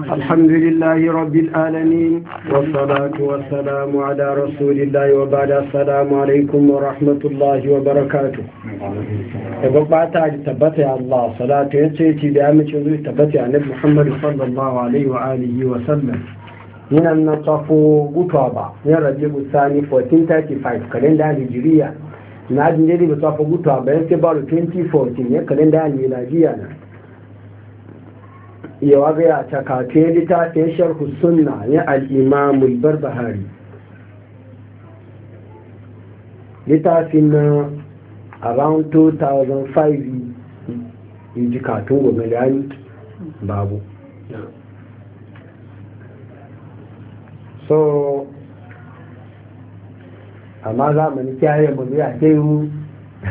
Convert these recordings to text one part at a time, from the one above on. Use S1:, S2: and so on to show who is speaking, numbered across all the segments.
S1: الحمد لله رب العالمين والصلاة والسلام على رسول الله وبعد السلام عليكم ورحمة الله وبركاته يقول بعد وقبعت تبتع الله صلاة يتسيتي بأمة يزوي تبتع نبي محمد صلى الله عليه وآله وسلم من النصف قطابة من رجب الثاني 1435 كالندا هجرية نادي نجري بطاف قطابة يتبار 2014 دان الميلادية yawa ga ya takate littafin sharhu sunna ya al'imamul barbahari littafin na around 2005 in ji katun gwamnati babu so amma zamani kyaye mu ya ke yi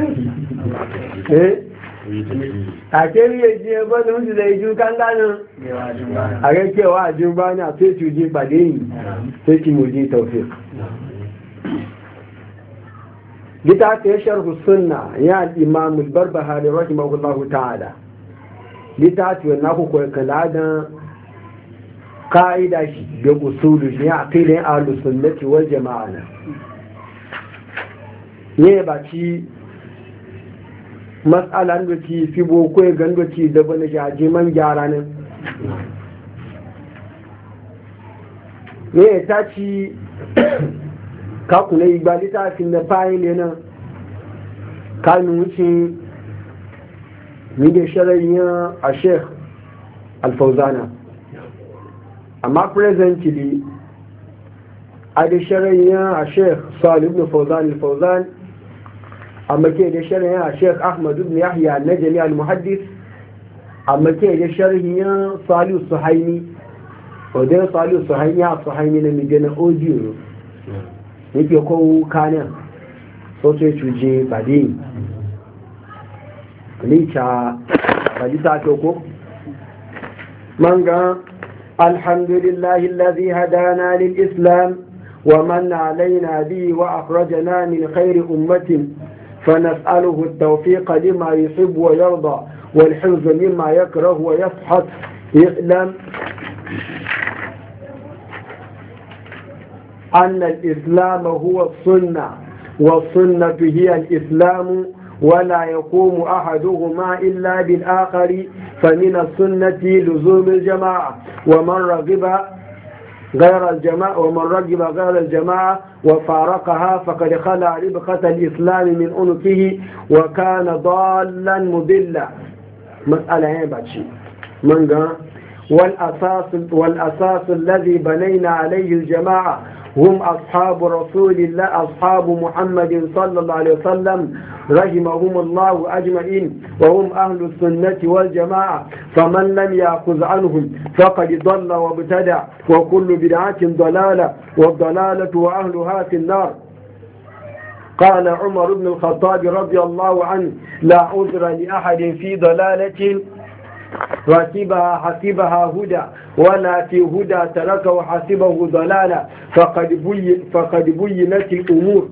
S1: eh àkérí èjì ẹgbọ́n tó ń a ìjú káńdánù àrẹ́kẹ̀wà àjúmbá ní àtúntò ìjú ìpàdé yìí tó ti mò jí tọ̀fẹ́ gita ta yi sharhu sunna ya imam barbahari rahimahullahu ta'ala gita ta yi naku kwaikala don ka'ida shi da usulu shi ya filin alusunnati wal jama'a ne ba ci matsala da ci fi boko gan da ci da bane jaje man gyara ne ne ta ci kaku na ta littafin da fayi ne nan kanu wuce ni da ya a sheikh alfauzana amma presently a da ya a sheikh salim na fauzan alfauzan amma ke da sharhin a Sheikh Ahmad ibn Yahya na Jami'al Muhaddis amma ke da sharhin ya Salihu Suhaimi wadda ya Salihu Suhaimi ya Suhaimi na mijina audio yake kowo kanin sosai ya cuje badin licha balita ko manga الحمد لله الذي هدانا للإسلام ومن علينا به وأخرجنا من خير أمة فنسأله التوفيق لما يحب ويرضى والحفظ مما يكره ويفحط اعلم أن الإسلام هو السنة والسنة هي الإسلام ولا يقوم أحدهما إلا بالآخر فمن السنة لزوم الجماعة ومن رغب غير الجماعة ومن رجب غير الجماعة وفارقها فقد خلع ربقة الإسلام من أنكه وكان ضالا مضلا مسألة هي بعد شيء من قال والأساس, والأساس الذي بنينا عليه الجماعة هم أصحاب رسول الله أصحاب محمد صلى الله عليه وسلم رحمهم الله أجمعين وهم أهل السنة والجماعة فمن لم يأخذ عنهم فقد ضل وابتدع وكل بدعة ضلالة والضلالة وأهلها في النار قال عمر بن الخطاب رضي الله عنه لا عذر لأحد في ضلالة واتبها حسبها هدى ولا في هدى تركه حسبه ضلالا فقد, بين فقد بينت الأمور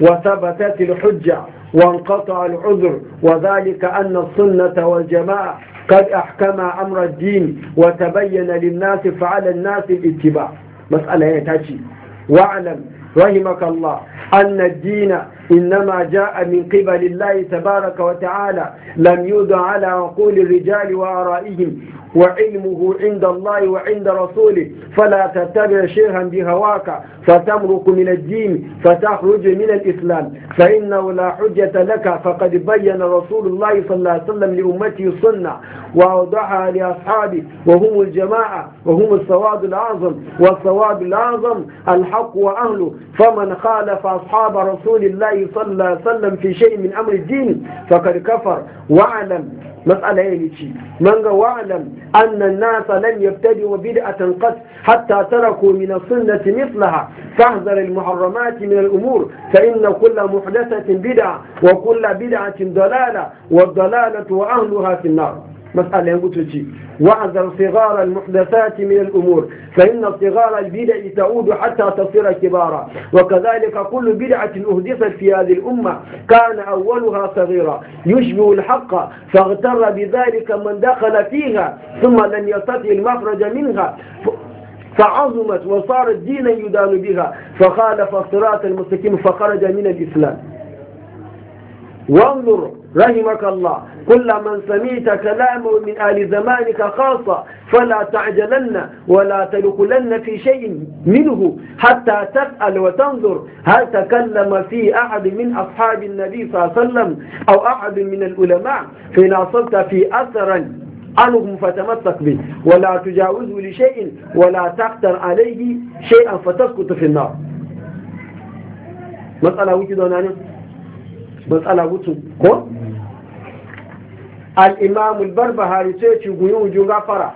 S1: وثبتت الحجة وانقطع العذر وذلك أن السنة والجماعة قد أحكم أمر الدين وتبين للناس فعلى الناس الاتباع مسألة هي تاتي واعلم رحمك الله أن الدين إنما جاء من قبل الله تبارك وتعالى لم يدع على عقول الرجال وآرائهم وعلمه عند الله وعند رسوله فلا تتبع شيئا بهواك فتمرق من الدين فتخرج من الإسلام فإنه لا حجة لك فقد بين رسول الله صلى الله عليه وسلم لأمته السنه وأوضحها لأصحابه وهم الجماعة وهم السواد الأعظم والسواد الأعظم الحق وأهله فمن خالف أصحاب رسول الله صلى الله عليه وسلم في شيء من أمر الدين فقد كفر واعلم مسألة يليشي من واعلم أن الناس لم يبتدئوا بدعة قد حتى تركوا من السنة مثلها فاحذر المحرمات من الأمور فإن كل محدثة بدعة وكل بدعة ضلالة والضلالة وأهلها في النار مسألة شيء واعذر صغار المحدثات من الأمور فإن صغار البدع تعود حتى تصير كبارا وكذلك كل بدعة أهدفت في هذه الأمة كان أولها صغيرة يشبه الحق فاغتر بذلك من دخل فيها ثم لم يستطع المخرج منها فعظمت وصارت دينا يدان بها فخالف الصراط المستقيم فخرج من الإسلام وانظر رحمك الله كل من سمعت كلامه من آل زمانك خاصة فلا تعجلن ولا تلقلن في شيء منه حتى تسأل وتنظر هل تكلم في أحد من أصحاب النبي صلى الله عليه وسلم أو أحد من العلماء فإن أصبت في أثرا عنهم فتمسك به ولا تجاوزه لشيء ولا تقتر عليه شيئا فتسقط في النار مسألة وجدنا matsala mutum ko al'imamul barbahari sai ci guyi wujun gafara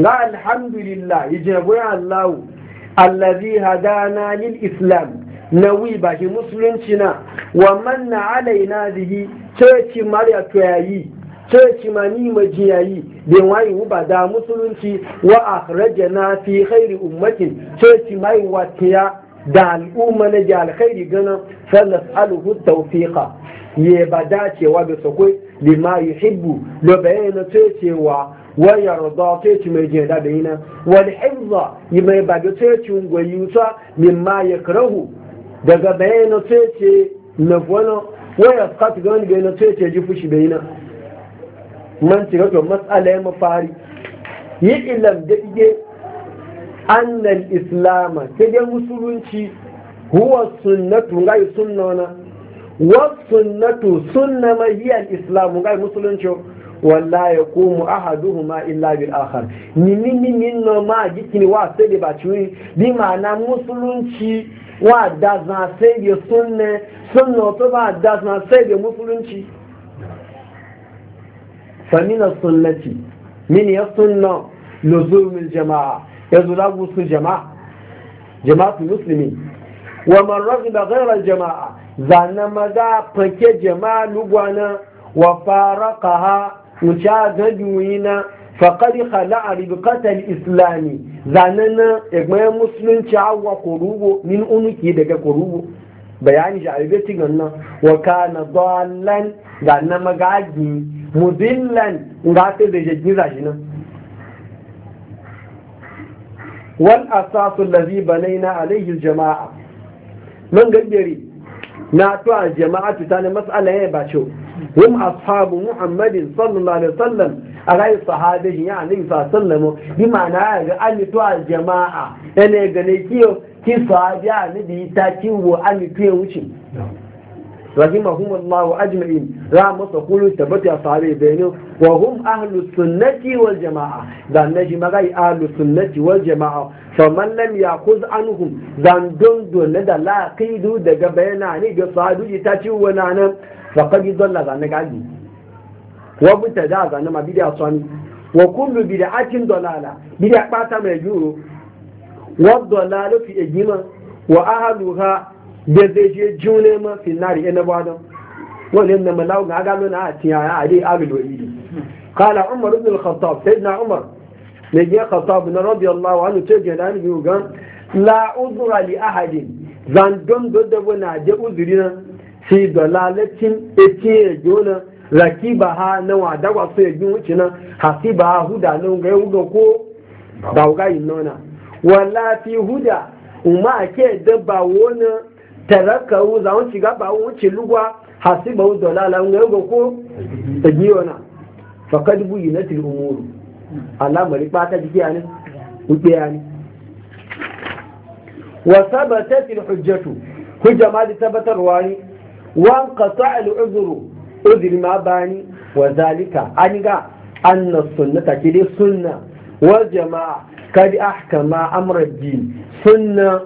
S1: Na alhamdulillah yi jagoya allahu allazi hadana lil islam nawi ba shi musulunci na wa manna alaina zihi sai ci mariya tuyayi sai ci mani majiyayi bin wayi ba da musulunci wa akhrajana fi khairi ummatin sai ci mai watiya da al'umma na ji alkhairi ganin sannas alhu tawfiqa ye ba dacewa da sakwai lima yuhibbu da bayyana ce cewa wa yarda ce ci mai jin da bayina wal hifza yi mai ba da ce ci gwayusa ya yakrahu daga bayyana ce ce na wani wa yasqat gani bayyana ce ce ji fushi bayina man ci ga to mas'ala ya mafari yi ilam da ige annal islama ta dai musulunci huwa sunnatu ngai sunna na wa sunnatu sunna ma hiya al islamu ngai musulunci wala yaqumu ahaduhuma illa bil akhar ni ni ni ni no ma jikini wa sai ba ciwi bi ma'ana musulunci wa da zan sai bi sunna to ba da zan sai bi musulunci fa min as sunnati min ya sunna luzumil jama'a yanzu za su jama'a jama'atu muslimi wa man raghiba ghayra jama'a zanna maza fake jama'a lugwana wa faraqaha mutaga duyina faqad khala'a ribqata al-islami na egbe musulunci awwa korugo min unuki daga korugo bayani shi albe tigan na. wa kana dallan zanna magagi mudillan ngate da jajira shi nan wal asasu lazi balaina alaihi jama'a man gangare na to a jama'a ta ne mas'ala ya ba ce hum ashabu muhammadin sallallahu alaihi wasallam alai sahabihi ya annabi sallallahu bi ma'ana ga an to a jama'a ene ga ne kiyo ki sahabi annabi ta kiwo an to ya wuce رحمهم الله أجمعين لا مسقول ثبت أصحابي بينه وهم أهل السنة والجماعة ذا نجم غي أهل السنة والجماعة فمن لم يأخذ عنهم ذا دون دون لدى لا قيد دقا بيناني قصادوا جتاتيو ونانا فقد ضل ذا نقعدي وابتدى ذا نما بدي أصاني وكل بدعة ضلالة بدعة باتا ميجورو والضلال في إجيما وأهلها da zai je june ma finari ina ba don wani na malawu ga gano na a ah, tiyaya ah, a agado idi kala umar ibn al sai na umar ne ya khattab na radiyallahu anhu ce ga dan yi ga la uzra li ahadin zan don do da wani je uzuri na fi dalalatin etiye jona rakiba ha na wa da wa so yin e wuce na hasiba huda nan ga yugo e ko ba ga yin nona wala fi huda umma ke dabba wona tarakahu za wuce gaba wuce lugwa hasibahu dalala ngai go ko tajiwana faqad buyinatil umur alamari bata jiki ani ubi ani wa thabatatil hujjatu hujja ma da tabatarwa ne wa qata al uzru udri ma bani wa zalika an ga anna sunnata kidi sunna wal jamaa kadi ahkama amra din sunna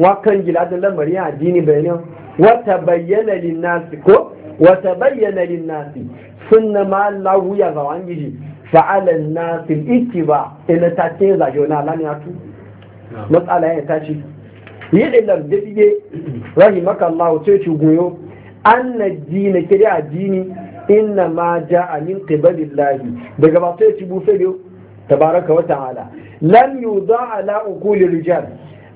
S1: wakan gila da lamari a addini bayanin wata bayyana linnasi ko wata bayyana linnasi sunna ma Allah ya ga wangiji fa'ala nasi ittiba ina ta ce za ga na lan ya tu matsala ya ta ce yi da lardige rahimaka Allah ce ci goyo an na dina kiri addini inna ma ja'a min qibalillahi daga ba sai ci bufe tabaraka wa ta'ala lam yudha ala uquli rijal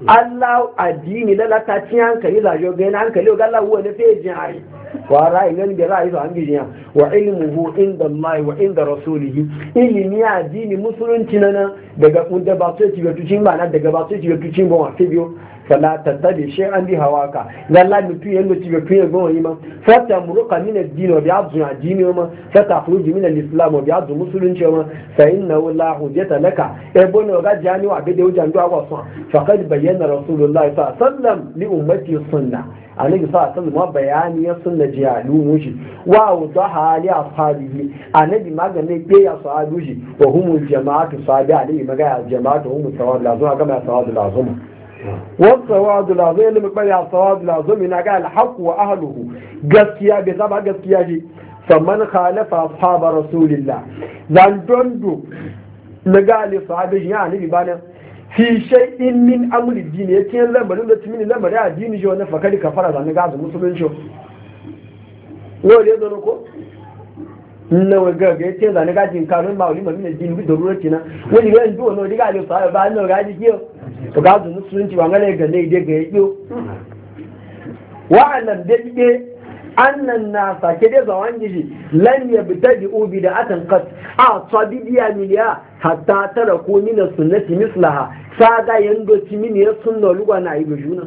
S1: Allah addini lalata ci hankali zajo gani hankali ga Allah wani fejin ayi wa ra'ayi nan da ra'ayi su an gijiya wa ilmuhu inda Allah wa inda rasulihi ilimi ya dini musulunci nan daga da ba su ci ga tucin ba na daga ba su ci ga tucin ba wasu biyo fala tattabi shi an bi hawaka zalla mutu ya ndo ci ga tuye ba wani ma fata muruka min ad-din wa bi'adzu ad-din ma fata khuruj min al-islam wa bi'adzu musulunci ma fa inna wallahu hujjata laka e o ga jani wa be de wujan do agwa fa faqad bayyana rasulullahi sallallahu alaihi wasallam li ummati sunnah annabi sa sun zama bayani ya sun na jiyalu shi. wa wuta hali a sahabi annabi magana ke ya sahabi shi wa humu jama'atu sahabi annabi magana ya jama'atu humu sawadu lazuma gama ya sawadu lazuma wasu sawadu lazuma ilimin bai ya sawadu lazuma na gaya alhaku wa ahaluhu gaskiya bai zama gaskiya shi samman khalifa sahaba rasulillah zan dondo na gaya alisahabi shi ya annabi bane fi shay'in min amri din yake lamarin da timin lamarin addini jo na fakari kafara da ga zu musulunci no le zo ko na waga ga yake da ga jin karun ba ulima min din bi darura tina wani ga ndo no diga le sa ba no ga ji kiyo to ga zu musulunci ba ngale ga ne ide ga yiyo wa'alam da ide annan nasa ke dai zawon gishi lan ya bi ta bi ubi da atan kas a tsabi biya miliya hatta tara ko mina sunnati mislaha sada yando ci mini ya sunna lugwa na ayi juna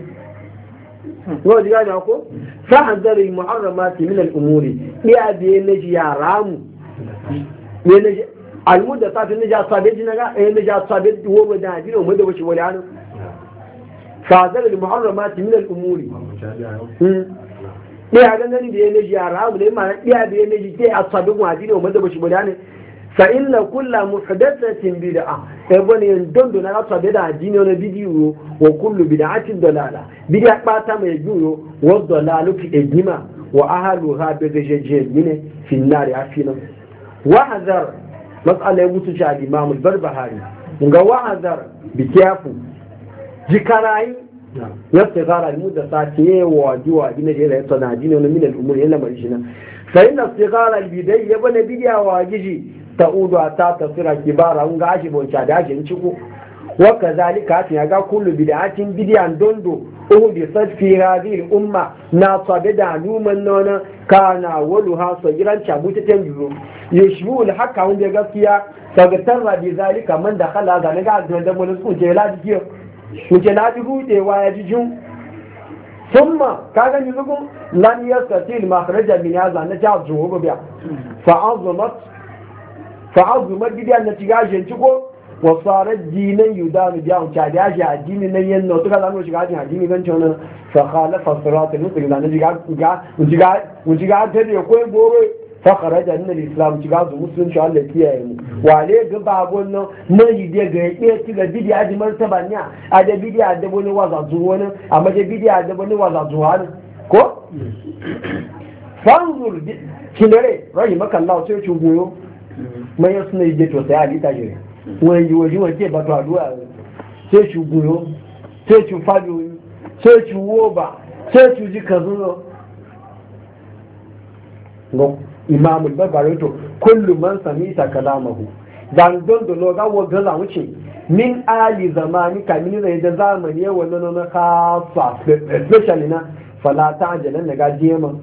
S1: ko ji gane ko fa hanzari muharramati min al umuri iya biye na ji yara mu ne na ji almudda ta tun ja sabe ji naga eh na ja sabe wo da ji mu da wuce wani anu fa hanzari muharramati min al umuri ɗaya gangani da ya naji a ramu ne ma'ana ɗaya da ya naji ke a sabi waji ne wa mazaba shi guda ne inna kulla muhdathatin bid'a e bane don do na ta bid'a dino na bidiyo wa kullu bid'atin dalala bid'a bata mai biyo wa dalalu fi ejima wa ahluha bi gajejine fi nar afina wa hadar mas'ala ya mutu shi al-imam al-barbahari ga wa hadar bi yadda gara yi da sace wa juwa gina da yadda tana jini wani minan umuri yana mai shi nan sai na su gara bidai ya bane bidiya wa giji ta udu ta tafsira kibara un ga shi bonca da shi ciko wa kazalika ta ya ga kullu bid'atin bidiya dondo uhu bi sadfi hadhihi umma na sabe da numan nona kana walu ha sagiran cabuta tan yuro yashbu al hakka wanda gaskiya sagatar rabi zalika man da khala ga ga da mun su je la Mu mace na ji buɗewa ya ji jin summa ka gani zugun lan yastatil makhraja min hadha na ta zuwa biya fa azumat fa azumat biya na tiga jin ci ko wa sarar dinan yudanu biya un ta da shi addini nan yan nautu ka zamu shiga cikin addini kan cewa fa khalafa siratal mustaqim na jiga jiga jiga jiga ta ne ko boro. fakara da nuna islam ci gazu musulunci Allah ki mu wale ga babon nan na yide ga yake ci ga bidiya ji martaba ne a da a da wani waza zuwa nan amma da a da wani waza zuwa nan ko fanzur kinare rai maka Allah sai ci goyo mai yasu ne je to sai ali ta jira wani yi waje waje ba to addu'a sai ci goyo sai ci fado sai ci woba sai ci ji kazuno imamul babari to kullu man ta kalamahu dan don da no gawo la wuce min ali zamani min zai da zamani ya wannan na khafa especially na fala ta ta'jalan na jema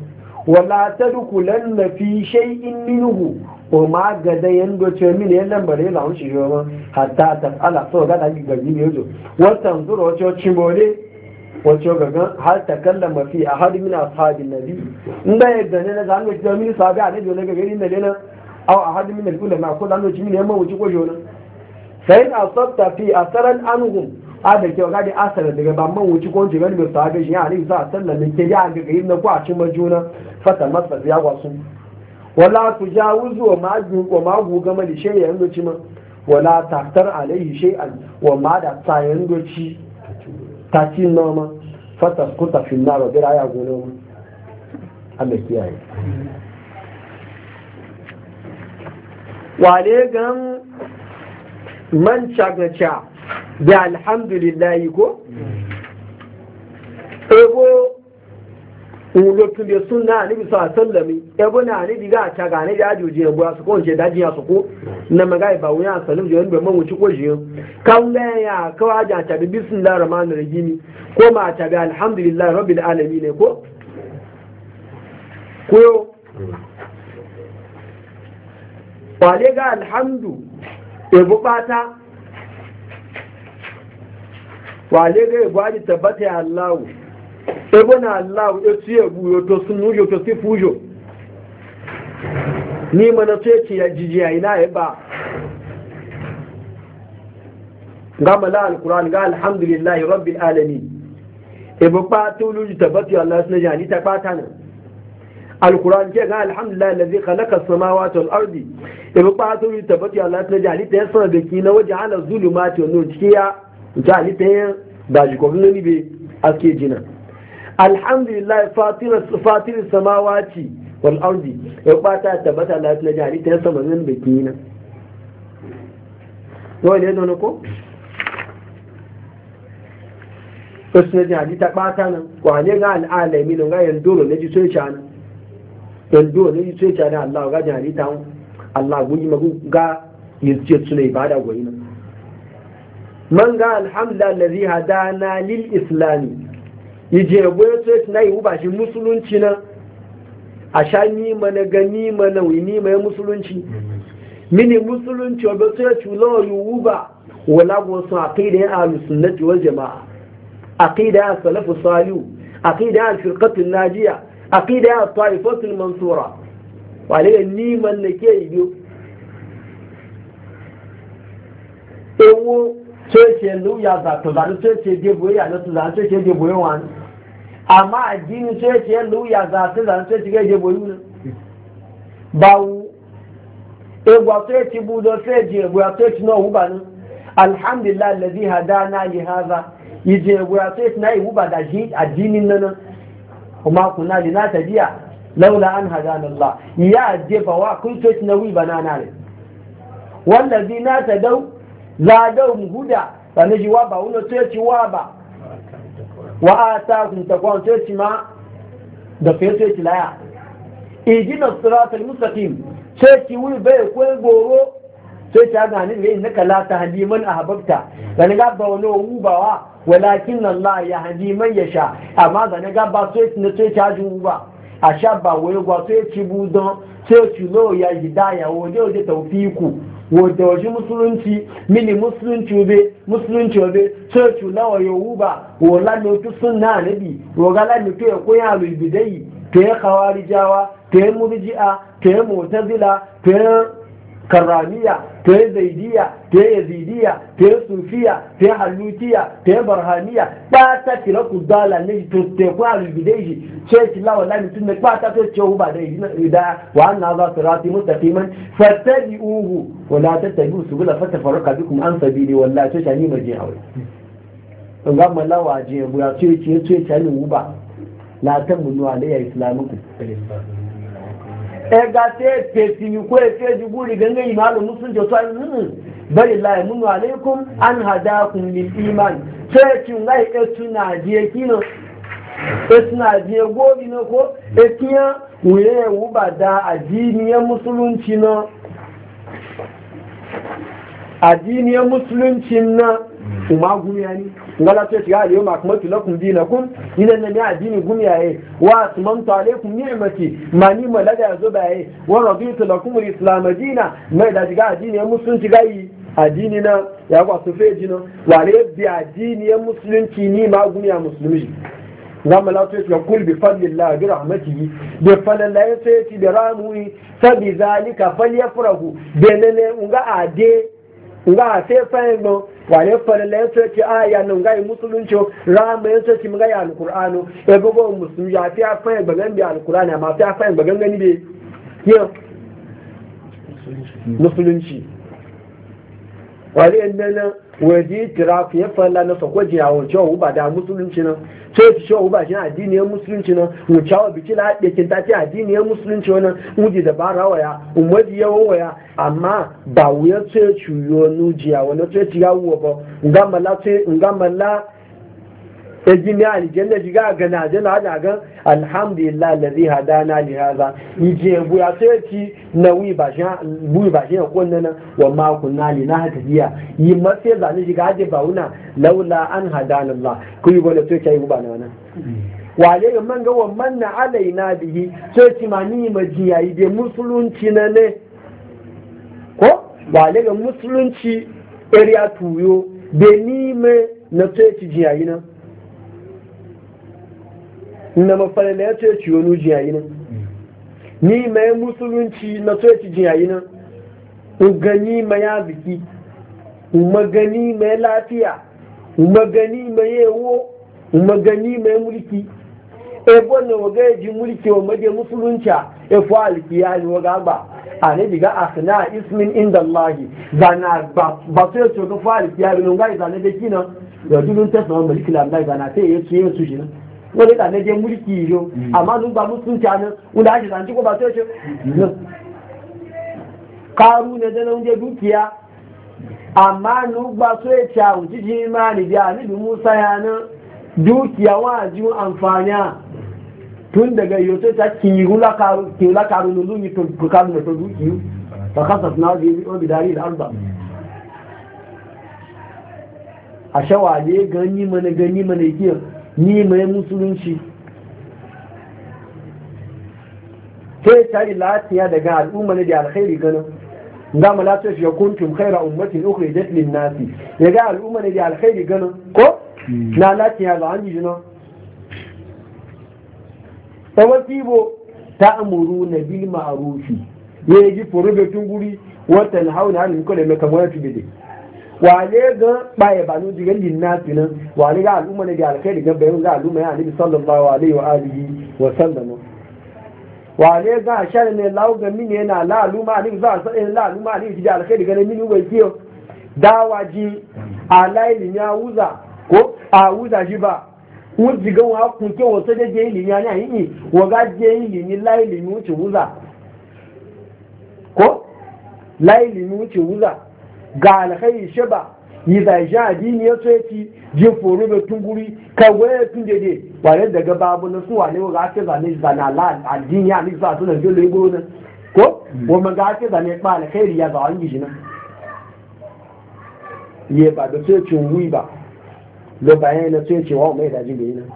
S1: wala tadkhulanna fi shay'in minhu o ma gada yando ce min ya lambare la wuce yo ma hatta ta ala so ga da gaji ne yo watan zuro cho chimbole wacce gan har ta kalla mafi a hadu min ashabin nabi in da ya gane na zanga ci min sabi a nabi ga gari na lena aw a hadu min na ko zanga ci min yamma wuce ko jona sai a sabta fi asaran anhum a da kyau gadi asara daga ba man wuce ko je gani mai sahabi shi ya ne za a sallame ke ya ga gari na ko a cin majuna fata masa ya wasu wala tujawuzu wa ma'gu wa ma'gu gama da ya yanzu ci ma wala taftar alaihi shay'an wa ma da ta yanzu ci tati noma fata kuta finna bira ya gune mu Allah kiyaye wale gan man chagacha da alhamdulillah ko ebo ulotun da suna ni bisa sallami ebo na ni diga ta ga ni da ajuje bo su ko je daji ya su ko na maga ba wuya salim je ba mun ci ko je ka ga ya ka waja ta bi bismillahir rahmanir rahim ko ma ta bi alhamdulillah rabbil alamin ko ko wale ga alhamdu ebo bata wale ga ibadi tabbata ya allah ebe na Allah ya ci yabu to sun nujo to si fujo ni mana to yace ya jiji ya ina ya ba gama la alquran ga alhamdulillahi rabbil alamin ebe pa to lu tabati Allah sun jani ta bata nan alquran ke ga alhamdulillah alladhi khalaqa as-samawati wal ardi ebe pa to lu tabati Allah sun jani ta yasa da kina waja'ala zulumati wa nur ciya jali ta da jikofin ne be aske jinan alhamdulillah fatir samawati wal ardi ya bata tabbata Allah ta jari ta sama zan biki nan yau ne don ko Kusa ji ta ɓata nan, wane ga al'alami nan ga yandoro na ji sun sha nan. Yandoro na ji sun sha nan Allah ga ji ta hun. Allah guji magu ga yirce su ne ibada goyi nan. Man ga alhamdulillah lazi hadana lil islami ije abu ya tsoye na iwu ba shi musulunci na a sha nima na ga nima na wi nima ya musulunci mini musulunci wabe tsoye culo yiwu ba wala go sun aqida ya ahlus sunnati wal jamaa aqida ya salafu salihu aqida ya firqatu najiya aqida ya taifatu mansura wale nima na ke yi tsoce luya za to zanu tsoce je boye ya nasu zanu tsoce je boye wan amma addini tsoce luya za to zanu tsoce ga je boye bu do egwa tsoce budo gwa egwa ya no na ba ni alhamdulillah alladhi hadana li hadha yije egwa ya tsoce na ba da shi addinin nan kuma kuna lina tabiya laula an hadana Allah ya jefa wa kun tsoce na wi na na ne wallazi na dau zagar huda sannan shi wa ba wani ceci wa ba wa a ta kun takwan ceci ma da fiye ceci laya ijina siratul mustaqim ceci wuri bai kwai goro ceci a ganin ne na kala ta haliman a hababta ganin ga ba wani wubawa walakin la ya haliman ya sha amma ganin ga ba ceci na ceci a wuba. a sha ba wai gwa ceci budon ceci lo ya yi daya wajen wajen taufiku wadda waje musulunci mini musulunci obe musulunci obe church lawa yowuba wola lotu sunna nabi wogala lotu ya koya alubidai to ya kawarijawa to ya murji'a to ya mutazila to ya karramiya ta yi zaidiya ta yi yazidiya ta yi sufiya ta yi hallutiya ta yi barhaniya ba ta na ku dala ne to ta ku alibidai shi ce ki lawa lami tun da ba ta ta ce ba da ida wa an na za su rati mustaqiman fattabi uhu wa la tattabi subula fatafarraka bikum an sabili wallahi ta shani maje aure in ga malawa je buya ce ce ce shani uba la ya islamu ku ẹgbà tí ẹ pèsè ìkó ẹfẹ ìdìbò rí gẹ́gẹ́ ìmọ̀ àlọ́ mùsùlùmí jọ̀tọ̀ àìmùnú bẹ́ẹ̀ láì múnú àlékún anhadakun lè fi ìmánì church nga etu na adie kino etu na adie gobi no ko etia wuye ya musulunci na adini musulunci na umagu ngala ce ya aliyu makmatu lakum dinakum idan na ya dini gumiyaye wa atmamtu alaikum ni'mati ma ni malaga yazo baye wa raditu lakum al-islam dina mai da diga addini ya musulunci gayi addini na ya kwa su fe jino wa le bi addini ya musulunci ni ma gumiya musulmi zama la to ya kul bi fadlillah bi rahmatihi bi fadlillah ya ce bi rahmuhi fa bi zalika falyafrahu benene nga ade nga se fa waye falala ya a ya nan ga musulunci rama ya soki mun ga ya alqur'anu e musulmi ya fi afa ba gan bi alqur'ani amma fi afa ba gani bi yo
S2: musulunci
S1: wale nan waje tirafi ya falla na sako jiyawo cewa uba da musulunci nan sai ci cewa uba shi addiniyar musulunci nan mu biki la ɗakin ta ce addiniyar musulunci wannan muji da ba rawaya umaji ya waya amma ba wuya sai ciyo nu sai ba ngamala sai ngamala gini aljanna diga ga na jana da ga alhamdulillah alladhi hadana li hadha yije bu ya ce ki na wi ba shi bu ba shi wa ma kunna li na hadiya yi mafi za ni diga yi bole to kai ba nan wa le man ga na ma ni ma ji yayi be musulunci na ne wa tuyo ni na na mafana na ya ce ci wani yi nan ni ma ya musulunci na so ya ci jiyayi nan gani ma ya biki ma mai lafiya magani mai yawo magani mai mulki ebo na waga ya ji mulki wa maje musulunci e ya fi alkiya ne waga ba a ne diga a ismin inda Allahi ba na ba su ya ce ga fi alkiya ne waga ya da kina da dubin tasirin mulki da ba na ta yi ya ce ya su jina? wọ́n da tàbí jẹ́ múlìkì ìró hmm. àmọ́ ló ń gba mùsùlùmí tí hmm. a musa ya ní dukiya wọn àti amfani tun daga yau ta kiru la karu nulu ni karu na tun dukiyu ba kasa suna da yi dari da arba a gani mana gani mana ni mai musulunci sai yi latiya daga al'umma ne da alkhairi ganin za mu lafiya shi ya kuntum khaira ummatin ukhri jet lin nasi ga al'umma ne da alkhairi ganin ko hmm. na latiya da an yi jina tsawon tibo ta amuru na bil ma'rufi ya yi ji furu da tunguri wata na hau na hannun kwanai mai kamar ya tube wale ga baye ba no diga linnasi nan wale ga al'umma ne da alkhairi ga bayan ga al'umma ya annabi sallallahu alaihi wa alihi wa sallam wale ga shar ne lawo ga mini yana la al'umma ne za sa in la al'umma ne da alkhairi ga ne wai kiyo dawaji alaili ya wuza ko a wuza ji ba wọ́n ti gan wọn kún kí wọ́n tó dédé ìlì ní ayé àyíyìn wọ́n gá jẹ́ ìlì ní láìlì ní ó ti wúzà kó ga alkhairi shaba yi zai ja addini ya tsoyeci jin foro mai tunguri kawai ya tun dede wale daga babu na suwa ne ga ake zane zane ala addini ya nisa su na jolo igbo nan ko mm. wama ga ake zane kpa alkhairi ya wani gishi nan ye ba da tsoyecin wi ba lo na tsoyecin wa mai daji bai nan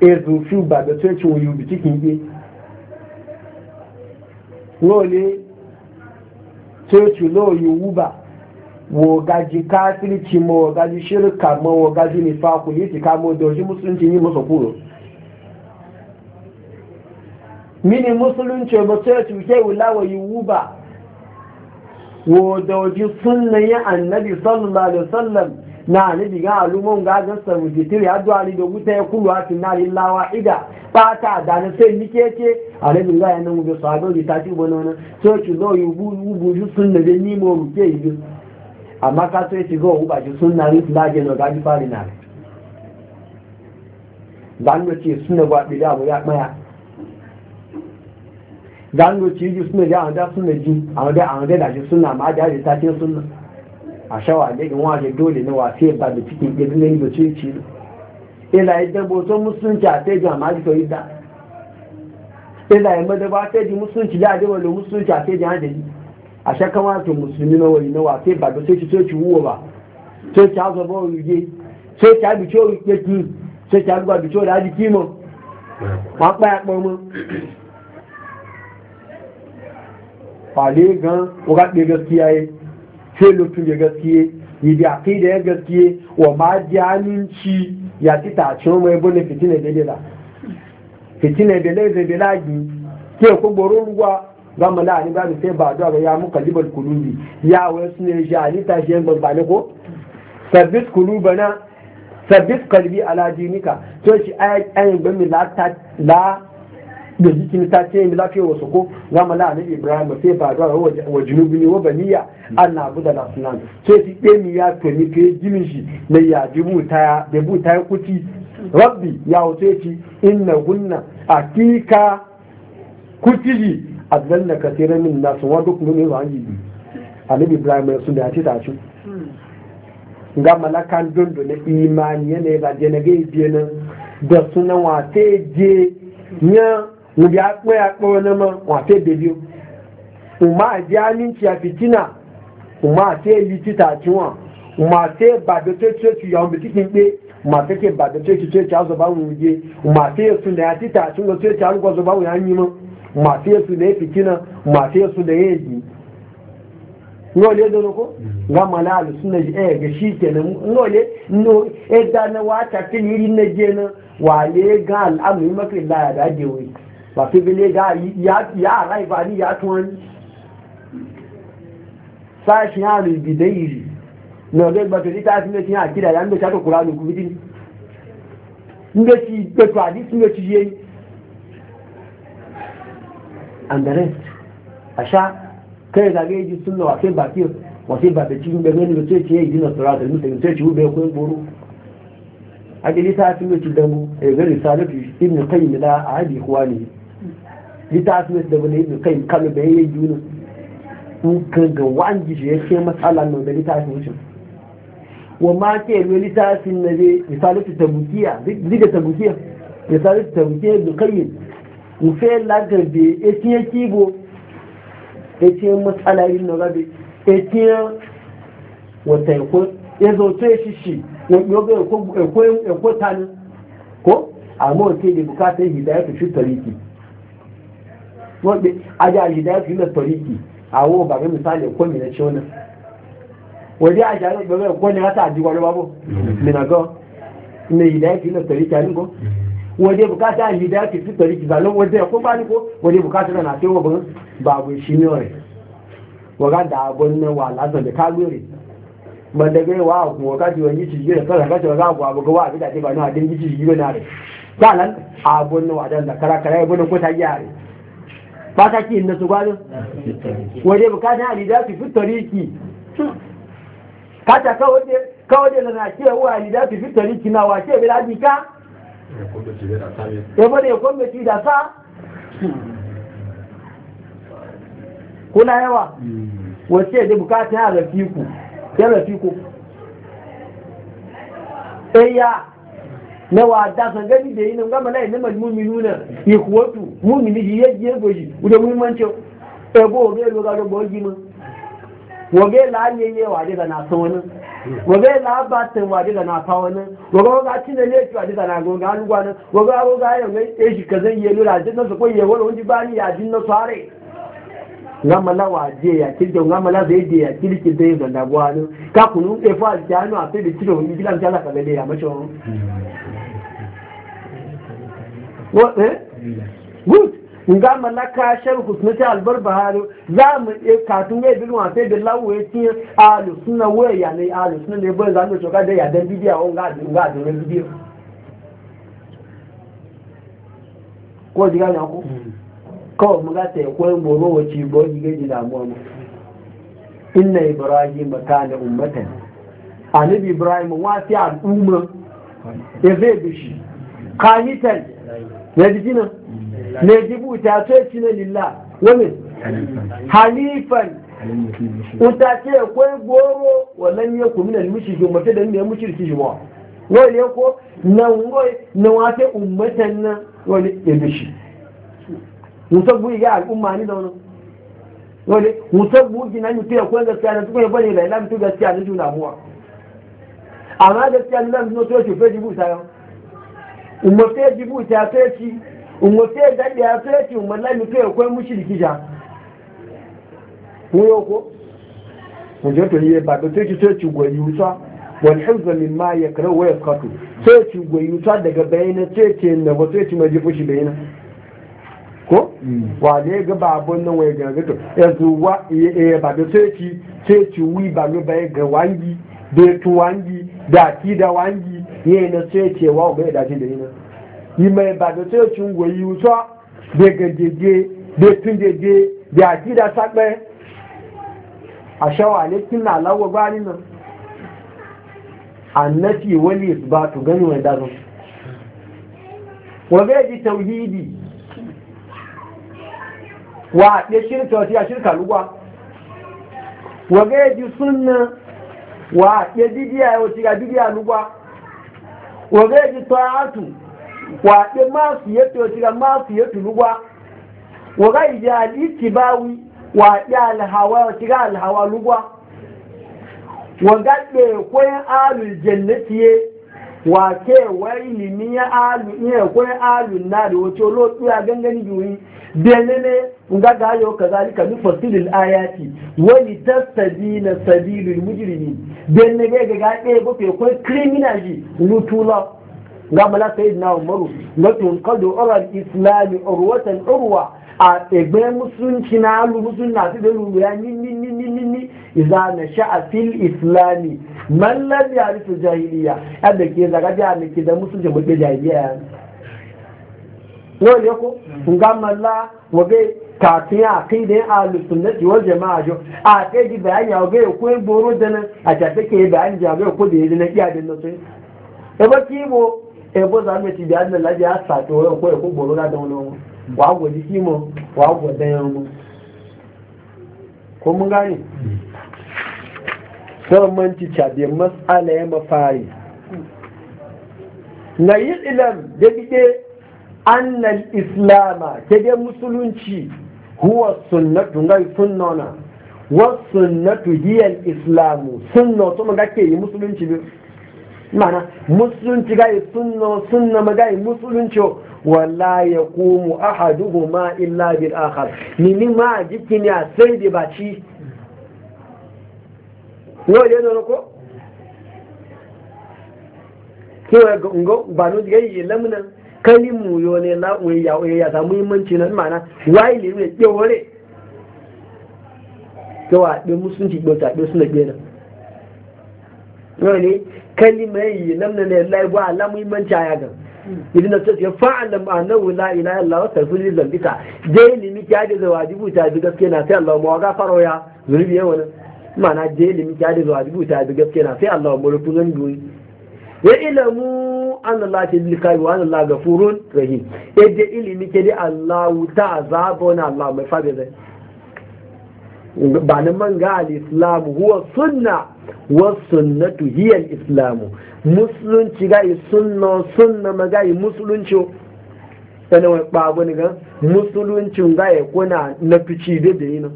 S1: ezu fi ba da tsoyecin wuyi bi cikin gbe wọ́n lé tsoyecin lọ́ọ̀ yóò ba wogaji kafirci ma wogaji shirka ma wogaji nifaku musulunci yi musu kuro mini musulunci ba sai su ke wula wa yiwu wo doji ya annabi sallallahu alaihi wasallam na annabi ga alumon ga ga ya duwa da wuta ya kulu a finna lillahi wahida fata da na sai a ga yanan na zo amma ka so yace go uba ji sunna ni laje no gaji fari na dan no ce sunna ba bi da mu ya maya ji ya anda sunna ji anda anda da ji sunna ma da ta ce sunna a shawa ne ga waje dole ne wa ba da cikin gidan ne da ce ci ila yadda boton musulunci a sai jama'a ila da sai ji musulunci da da musulunci a sai jama'a da a kan wá tó na wani wọ̀nyí náà wà pé ìbàdàn tó ti tó ti wúwo wà tó ti á sọ sai yé tó ti àbí tó rí pé kí tó ti àbí àbí tó rí àbí kí mọ̀ wọ́n pẹ́ ẹ̀pọ̀ mọ́. pàdé gan wọ́n ká pé gaskiya yẹ tó ló da yẹ gaskiya yìí àkéde yẹ gaskiya wọ́n máa di àníńtì yàtí tààtì wọn ẹbọ ní fìtínà ìdẹ́dẹ́ la fìtínà ìdẹ́dẹ́ ìdẹ́dẹ́ láàgì kí ẹ̀kọ́ gbọ́rọ́ wá. gama la ni gani sai ba ga ya muka libal kulubi ya wasu ne jani ta shi ban ko sabbit kulubana sabbit kalbi ala dinika to shi ayin ban mi la da jikin ta ce mi lafiya wasu ko gama la ni ibrahim sai ba ga wa junubi ne wa baniya an na buda na sunan to shi ɗe mi ya to ni ke jimin shi ne ya ta ya bu ya kuti rabbi ya wuce shi inna gunna akika kutiji adalla kasiran min nasu wa duk mun yanzu anji annabi ibrahim ya sun da ci ta ci ga malakan dondo ne imani yana ba je na gai biye nan da suna wa te je nya mu ya ko ya ko na ma wa te de biyo umma je anin ci fitina umma te yi ci ta ci wa umma te ba da te ce ci ya mu cikin be umma te ke ba da te ci ce ci azo ba mu je umma te sun da ya ci ta ci ga ce ci an ko zo ba mu ya nyi ma. mafiya su da ya fitina mafiya su da ya yi nole da ko ga malal ji eh ga shi kenan nole no e da na wata tin yiri na je na wale ga maka la da je wai ba fi bile ga ya ya rai ba ni ya tun sa shi ya ri bidai no le ba ta tin ti akida ya mbe ta to qur'an ku bidin mbe ti pe to hadis mbe and a sha kai zage ji sunna wa sai ba fiye wa sai ba da cikin da gani da ce yi dina sura da musulmi sai ci ube kun boro a ta fi mutu da mu a eh, ga risalatu ibn qayyim da a hadi ikhwani li ta fi mutu da mu ibn kai kallo da yayin juna in ka ga wani ya ce matsala nan da ta wa ma ke ne li ta na je risalatu tabukiya diga tabukiya risalatu tabukiya ibn kai. Mu ufe lagabe etinye kibo etinye matsala yin na rabe etinye wata ikon ya zoto ya shishi ya yoga ikon tani ko amma wata da bukatar hidaya ta shi tariki wanda aji a hidaya ta yi na tariki a wo ba ga misali ikon mai na ce wani wajen a jari ikon ne hata a jiwa babu mm-hmm. minago mai hidaya ta yi na tariki a ninko mm-hmm. waje bukata yi da ke fitari ki zalon waje ko kuma ni ko waje bukata na ce wa ban babu shi ne ore waga da abun ne wa lazan da ka gore ban da gai wa ko ka ji wani ci gida kada ka ce waga ko abu ga wa bi da ce ba na din ji ci gida na re nan, abun ne wa dan da kara kara ibun ko ta yare ba ta ki inda su gwalo waje bukata yi da ke fitari ki kata ka waje ka waje da na ce wa yi da ke fitari ki na wa ce bi da ka
S3: ebe
S1: da ya kwamfeti da sa kuna yawa hmm. wace eh, da bukatun ya rafiku ya rafiku ɗaya na wada san gani da yi nan gama na yi na malmumi nuna ikuwatu mumini ji yadda ya goji wuda muhimmancin ebe oge lura da bogi ma oge la'ayyayewa daga na saunin waga la ba tan waje da na fa wani waga waga cin da ne ki Wa da na gonga an gwana waga waga ya mai e shi ka zan yi lura jin nasu ko ya wani ba ni ya jin nasu are ngama la waje ya kirje ngama la zai je ya kirki zai zanda gwanu ka kunu e fa janu a sai da cire wani gidan jala ka bele ya mace wani what eh good nga na shar husnati albar bahari za mu e katun ya bin wa sai billa ya alu sunna wa ya ne alu sunna ne bai zan to kada ya dan bidiya wa ga ga da bidiyo ko diga ne ko ko mu ga te ko mu ro wa ci bo diga di da mu mu inna ibrahim kana ummatan ibrahim wa al'umma ya zai bishi qanitan ya dijina ne jibuta sai ci na lillah wani halifan uta ce akwai goro wannan ya kuma na mushirki mafi da ne mushirki shi ma wani ya ko na wai na wata ummatan nan wani ya bishi musa buyi ga al'umma ni da wani wani musa buyi na mutu ya kwan gaskiya na tukun ya bane da ila mutu gaskiya na juna muwa amma gaskiya na mutu ya shufe jibuta yau ummatan jibuta sai ci nwoke gaɗe ya so yake umarla mutu ya kwai mushi rikija wuyo ko wajen to yi ba da sai ci sai ci goyi wuta wani hizba min ma ya kare waya kasu sai ci goyi wuta daga bayana sai ce na ba sai ci maji fushi bayana ko mm. wa ne ga babon nan waya ga gato ya zuwa ya ba da sai ci sai ci wi ba ga bayan ga wangi da tu wangi da ki da wangi yayin sai ce wa bai dace da yana ìmọ̀ ìbàdàn tí ó ti ń wò yí wùsọ́ gbẹ̀gẹ̀dẹ̀dẹ̀ gbẹ̀túndẹ̀dẹ̀ gbẹ̀ àjídà sápẹ́ àṣọwà létí náà láwọ̀ bá nínú ànẹ́tì ìwọ́lì ìsìbá tó gẹ́nu ẹ̀dá lọ wọ́n bẹ́ẹ̀ di tẹ̀wìdì wà àpé ṣírìkà sí àṣírìkà lúgbà wọ́n bẹ́ẹ̀ di súnà wà àpé dídí àyẹ̀wò sí àdídí àlúgbà wọ́n bẹ́ẹ̀ di tọ́ waɗe masu yato ya cika masu yato lugwa wa ga ije aliki bawi waɗe alhawa ya cika alhawa lugwa wa ga ɗe kwayan alul jannatiye wa ke wai limi ya alu iya kwayan alul na da wace lotu ya gangan biyu benene nga ga yo kazalika mi fasilil ayati wali tastabina sabilul mujrimin benene ga ga ɗe ko fe ko criminal ji lutula ga mala sayyidina umaru na tunkadu oral islami urwatan urwa a egbe musulunci na alu musulunci na su da ya ni ni ni ni ni ni iza na sha'a fil islami man lam ya'rifu jahiliya yadda ke zaga ja ne ke da musulunci mu ke jahiliya ya ne ko ga mala wabe kafin a kai da a sunnati wal jama'a jo a kai ji bayani a ya ko boro da nan a tafi ke bayani ja ya ko da ya na iya da nan sai e ba kibo ebo eh, za mu ti bi adina laji asa to yo ko ko gboro la don lo wa go di kimo wa go den mo ko mun gani sai man ti chabe mas'ala ya mafari na yi ilam da bide annal islama ke dai musulunci huwa sunnatu ngai sunnona wa sunnatu hiya al islamu sunna to ga ke yi musulunci bi mana musulunci gai sunna sunna magai musulunci wala ya kumu ma illa bil akhar nini ma jikin ya sai da baci no je nono ko ki ga ngo ba no gai lamna kalimu yo ne la ya we ya samu muhimmanci na mana wai ne ne ke wore to a musulunci do ta do suna kenan wani kalimai yi nan na ne lai ba ala muhimmanci a yagan idan na tafiya fa'alam annahu la ilaha illa wa tafsiri zambika dai miki ki hadi zawajibu ta bi gaske na sai Allah mu ga faro ya zurbi yawan mana dai miki ki hadi zawajibu ta bi gaske na sai Allah mu rufu zan duyi ya ilamu an Allah ta bi kai wa Allah gafurun rahim yadda ilimi ke da Allah ta azabona Allah mai fabe zai ba na man ga al-islamu huwa sunna wa sunnatu hiya al-islamu musulunci ga sunna sunna ma ga musulunci sana wani ba ni ga musulunci ga ya kuna na tuci da da yi nan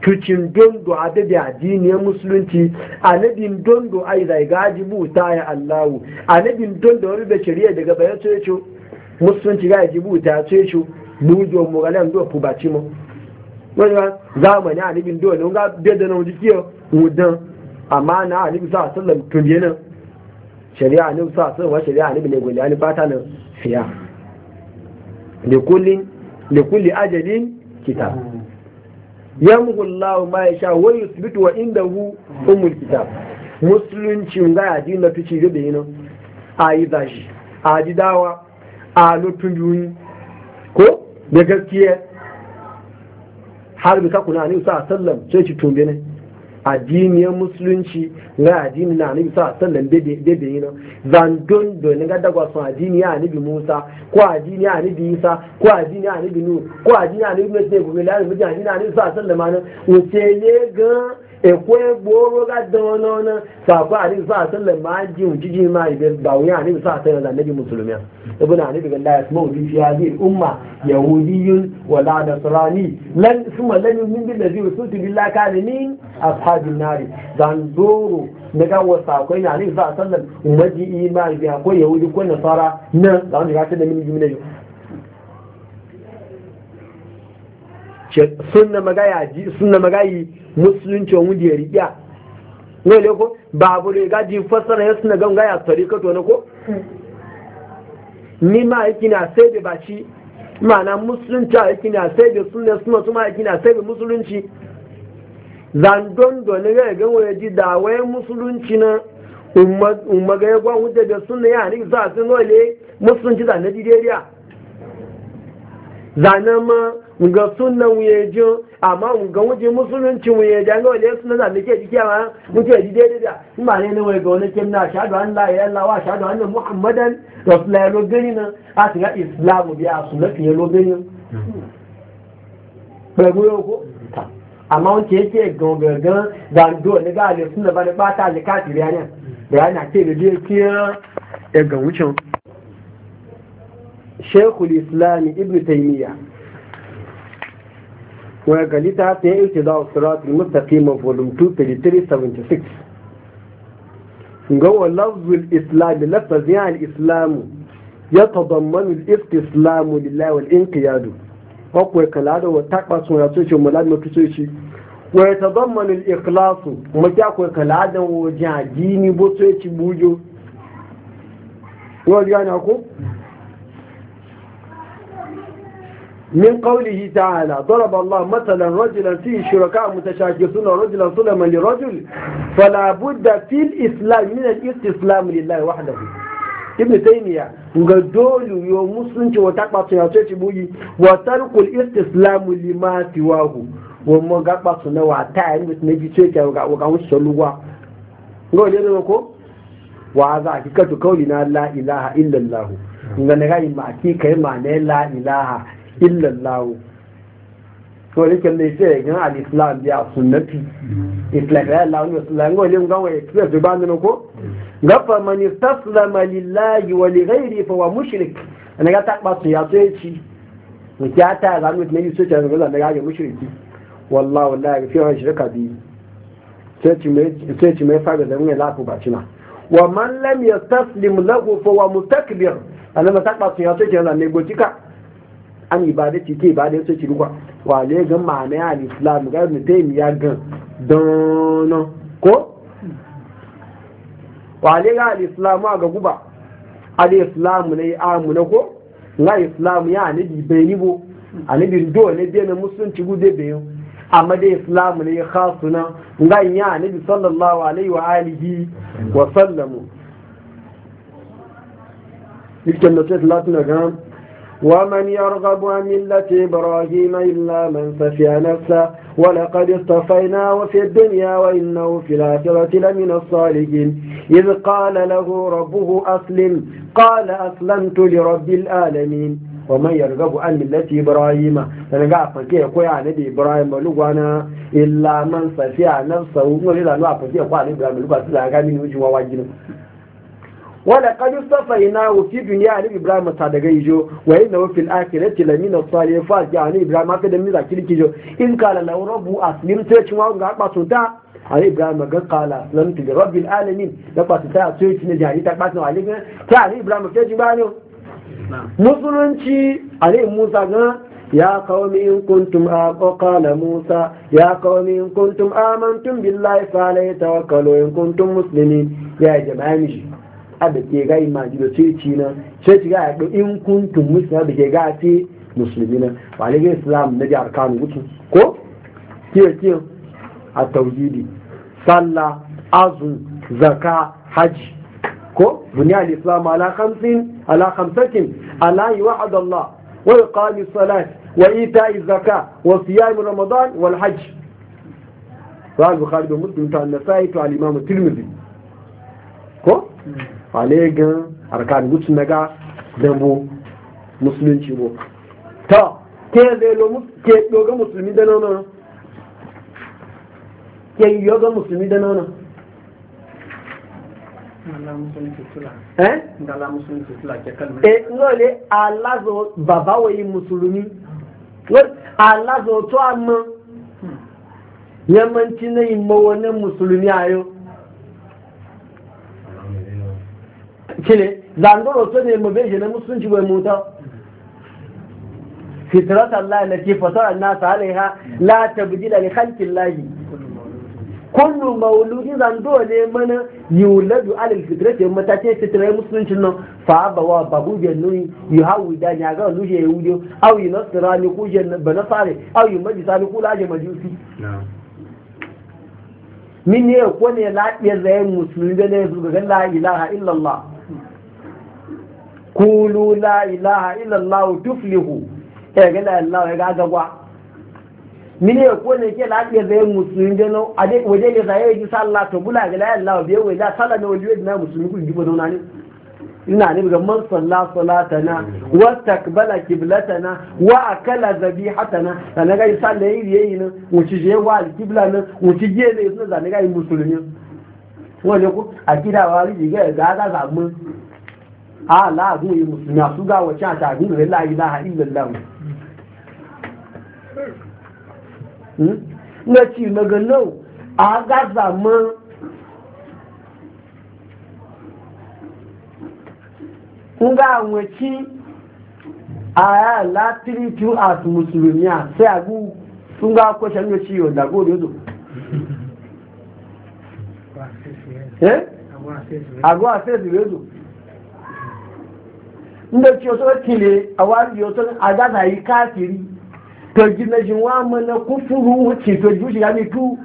S1: tucin dondo a da da addiniyar musulunci anabin dondo ai zai gaji ta ya allahu anabin dondo wani da shari'a daga bayan tsoye musulunci ga ya ji buta ya tsoye ce mu jo mu ga nan do ci mu wanda zamani a nibin dole wanda bai da nan jiki wudan amma na a nibin sa sallam tun nan shari'a ne sa sallam wa shari'a nibin ne gwani ani fata nan fiya da kullin da kulli ajalin kitab yamhu Allah ma yasha wa yuthbitu wa indahu umul kitab musulunci ga yaji na fici da yin ayi zashi aji dawa a lutun ko da gaskiya har bi kakuna annabi sallallahu alaihi wasallam sai ci tumbe ne addiniyar musulunci na addini na annabi sa sallan bebe yi nan zandon domin ga dagwa sun addini ya annabi musa ko addini ya annabi isa ko addini ya annabi nu ko addini ya annabi mai ne gobe lalata mutum addini ya annabi sa sallan ma nan wuce ne gan ekwe gboro ga dono na safa ali sa sallan ma ji ujiji ma ibir bawun ya ni sa sallan da nabi musulmi ibn ali daga la yasmu bi fi hadhihi umma yahudiyun, wa la nasrani lan suma lan min bil ladhi usulti billahi kana min ashabin nar dan doro daga wasa akwai na ali sa sallan ummaji imani bi akwai yahudi ko nasara nan da wanda ga ta da min jimina sunna magayi musulunci wani ya riƙiya wai ne ko babu ne gaji fassara ya suna ganga ya tsari ka tona ko ni ma yake na sai da baci ma'ana musulunci a aiki na sai da suna suna suma aiki na sai da musulunci zandon doni ga ga wani ji da wai musulunci na umma ga ya gwan hujja da suna ya ni za su nole musulunci da na dideriya zanama nga sunna wuyejo amma nga wuje musulunci wuyejo an wale sunna da nake jike ma muke ji daidai da ma ne wai ga wani kimna shahadu an la ya illallah wa shahadu anna muhammadan rasulullah ya na a tiga islamu biya sunna fiye logani ba goyo ko amma wanda yake gangan zando ne ga ne sunna ba ne ba ta e ga shekul islami ibn taimiyya wani galita ta yi ita za a suratul mustaqima volume 2 ga wa lafzul islami lafazin al-islamu ya tabammanu al-istislamu lillahi wal inqiyadu wakwai kala da wa takwa sun rasu ce mu ladin mutu ce wa tabammanu al-ikhlasu mu kya kwai kala da wajen ajini bo ce bujo wani gane ko من قوله تعالى ضرب الله مثلا رجلا فيه شركاء متشاكسون ورجلا ظلما لرجل فلا بد في الإسلام من الاستسلام لله وحده ابن تيمية قال دول يوم مسلم وتقبط يا بوي وترك الاستسلام لما سواه وما قبط نوع تاعي نجي تشيكا وقعوا الشلوة قال يا وهذا حقيقة قولنا لا إله إلا الله ngana ga yi ma ki kai ma illallahu to ne kan ne sai ga al-islam ya sunnati islam ya Allah islam go ne ga wai sai ban bani ko gafa man istaslama lillahi wa li ghairi fa wa mushrik ana ga ta ba su ya so yaci mu ta ta ga mu ne su ta ga da ga mushriki wallahi wallahi fi wa shirka bi sai ci mai sai ci mai faga da mu la ku ba cina wa man lam yastaslim lahu fa wa mutakbir ana ma ta ba su ya so yaci ne gotika an ibadati ke ibadati to ci ruwa wale ga na ya islam ga mu mi ya gan don ko wale ga al-islam ga guba al-islam ne amu na ko na islam ya ne bi bai ni bo anabi do ne bi na musulunci gude bai amma da islam ne khasu na ga ya anabi sallallahu alaihi wa alihi wa sallamu ومن يرغب عن ملة إبراهيم إلا من سفي نفسه ولقد اصطفيناه في الدنيا وإنه في الآخرة لمن الصالحين إذ قال له ربه أسلم قال أسلمت لرب العالمين ومن يرغب عن ملة إبراهيم أنا قاعد فكي يقول عن نبي إبراهيم لغوانا إلا من سفي نفسه ومن يرغب عن ملة إبراهيم لغوانا wala kadu safai ina fi duniya ni ibrahim ta daga ijo wa inna wa fil akhirati lamina salihin fa ja ni ibrahim ka da miza kirki jo in kala la rabbu aslim sai cin wa ga ba da ali ibrahim ga kala lam ti rabbil alamin da ba ta sai cin jari ta ba ta ali ga ta ali ibrahim ke ji ba musulunci ali musa ga يا قوم إن كنتم وقال موسى يا قوم إن كنتم آمنتم بالله فعليه توكلوا إن كنتم مسلمين يا جماعة مجي a da ke gai ma da ceci na ceci ga yaɗo in kuntum musulmi da ke ga ce musulmi na ba ne islam na jihar kano mutu ko kiyo kiyo a tauhidi sallah azun zaka hajji ko buniya al-islam ala khamsin ala khamsatin ala yu'ad Allah wa iqami salat wa ita'i zaka wa siyam ramadan wal hajj wa al-bukhari da muslim ta an-nasa'i to al-imam at-tirmidhi ko hmm. walegan arkan gutsu na ga dabo musulunci bo ta ke zai lo ke doga musulmi da nono ke yoga musulmi da nono eh no le alazo baba wa yi musulmi alazo to amma hmm. yamanci na yi mawanin musulmi a yau kile zandoro to ne mu beje na musulunci bai muta fitrat Allah na ke fasara na salaiha la tabdila li khalqi allah kullu mauludi zandoro ne mana yuladu alal fitrat yamma ta ce fitrat musulunci nan fa ba wa babu jannuni yuhawi da ya ga luje yahudi aw ni ku na bana sale aw yumajisani ku laje majusi min ne ko ne la ya zai musulmi da ne su ga la ilaha illallah kulu la ilaha illallah tuflihu ya ga la ilaha ya ga gagwa mini e ko ne ke la ke zai musulmi de no ade waje ne zai yi sallah to bula ga la ilaha biye we da sallah ne waje na musulmi ku gibo don ne ina ne ga man salla salatana wa takbala kiblatana wa akala zabihatana sana ga sallah yi yi ne mu ci je wa kibla ne mu ci je ne sun zane ga musulmi wani ku akida wa ri ga ga za mu a láàrin yi musulmi àtúgbà wọ̀chí àtàrí rẹ̀ láàrí láàá ìlẹ̀lẹ̀wò lẹ́tí ìmọ̀gánnáà àágázà mọ́ ń gá àwọn ẹ̀kí ààrẹ látìrí tí as musulmi àti àgbú ń gá kọ́ṣẹ́ ní ẹ̀kí ọ̀dàgbò lódò àgbó àfẹ́sì inda ce wasu kile a wani yoto a gaza yi kafiri to gina shi wa mana kufuru wuce to ju shi gami tu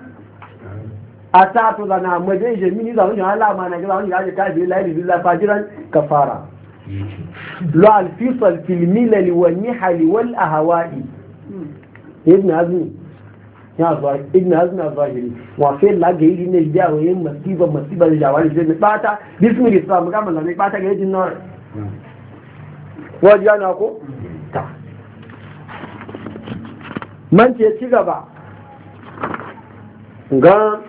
S1: a ta to da na maje je mini za wani hala ma na gaba wani ya je kafiri la ilaha illa fajiran kafara lo al fisal fil milal wal nihal wal ahwa'i ibn azmi ya zuwa ibn azmi azahiri wa fe la ga yi ne da wayin masiba masiba da jawari je ne bata bismillah islam ga malami bata ga yi dinnar wajen yana ko? ta mance ci gaba ga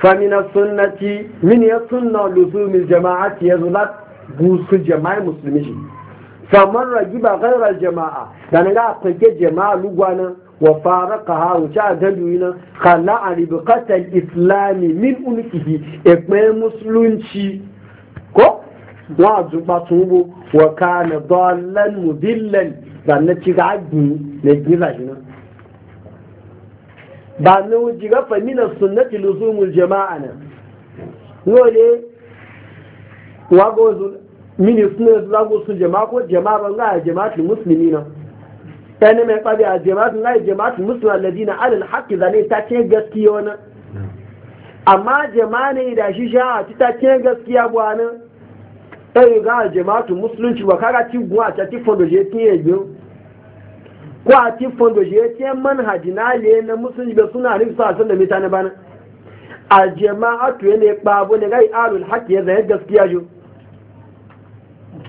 S1: famina sunnati min ya sunna jama'a jama'ati ya zula busu jama'i musulmi shi saman ba gairar jama'a da na ga fage jama'a lugwana wa ka ha wuce a galuyi na kala a ribukatar islami min ulkihi ekpe musulunci ko wa zuba tubu wa kana dallan mudillan da na ci gaji na gina shi nan ba na wuji ga famina sunnati jama'a nan dole wa ga wasu mini suna zago su jama'a ko jama'a ban ga jama'atul muslimi nan ɗani mai tsabi a jama'atul lai jama'atul muslimi alladina alal haqqi zane ta ce gaskiya wannan amma jama'a ne da shi sha ta ce gaskiya bu sai ga jama'atu musulunci wa kaga ci guwa ta ti fondo je ti ejo a ti fondo je ti manhaji na le na musulunci be suna ni sa san da mita na bana a jama'atu ne babu ne gai alul haki ya zai gaskiya jo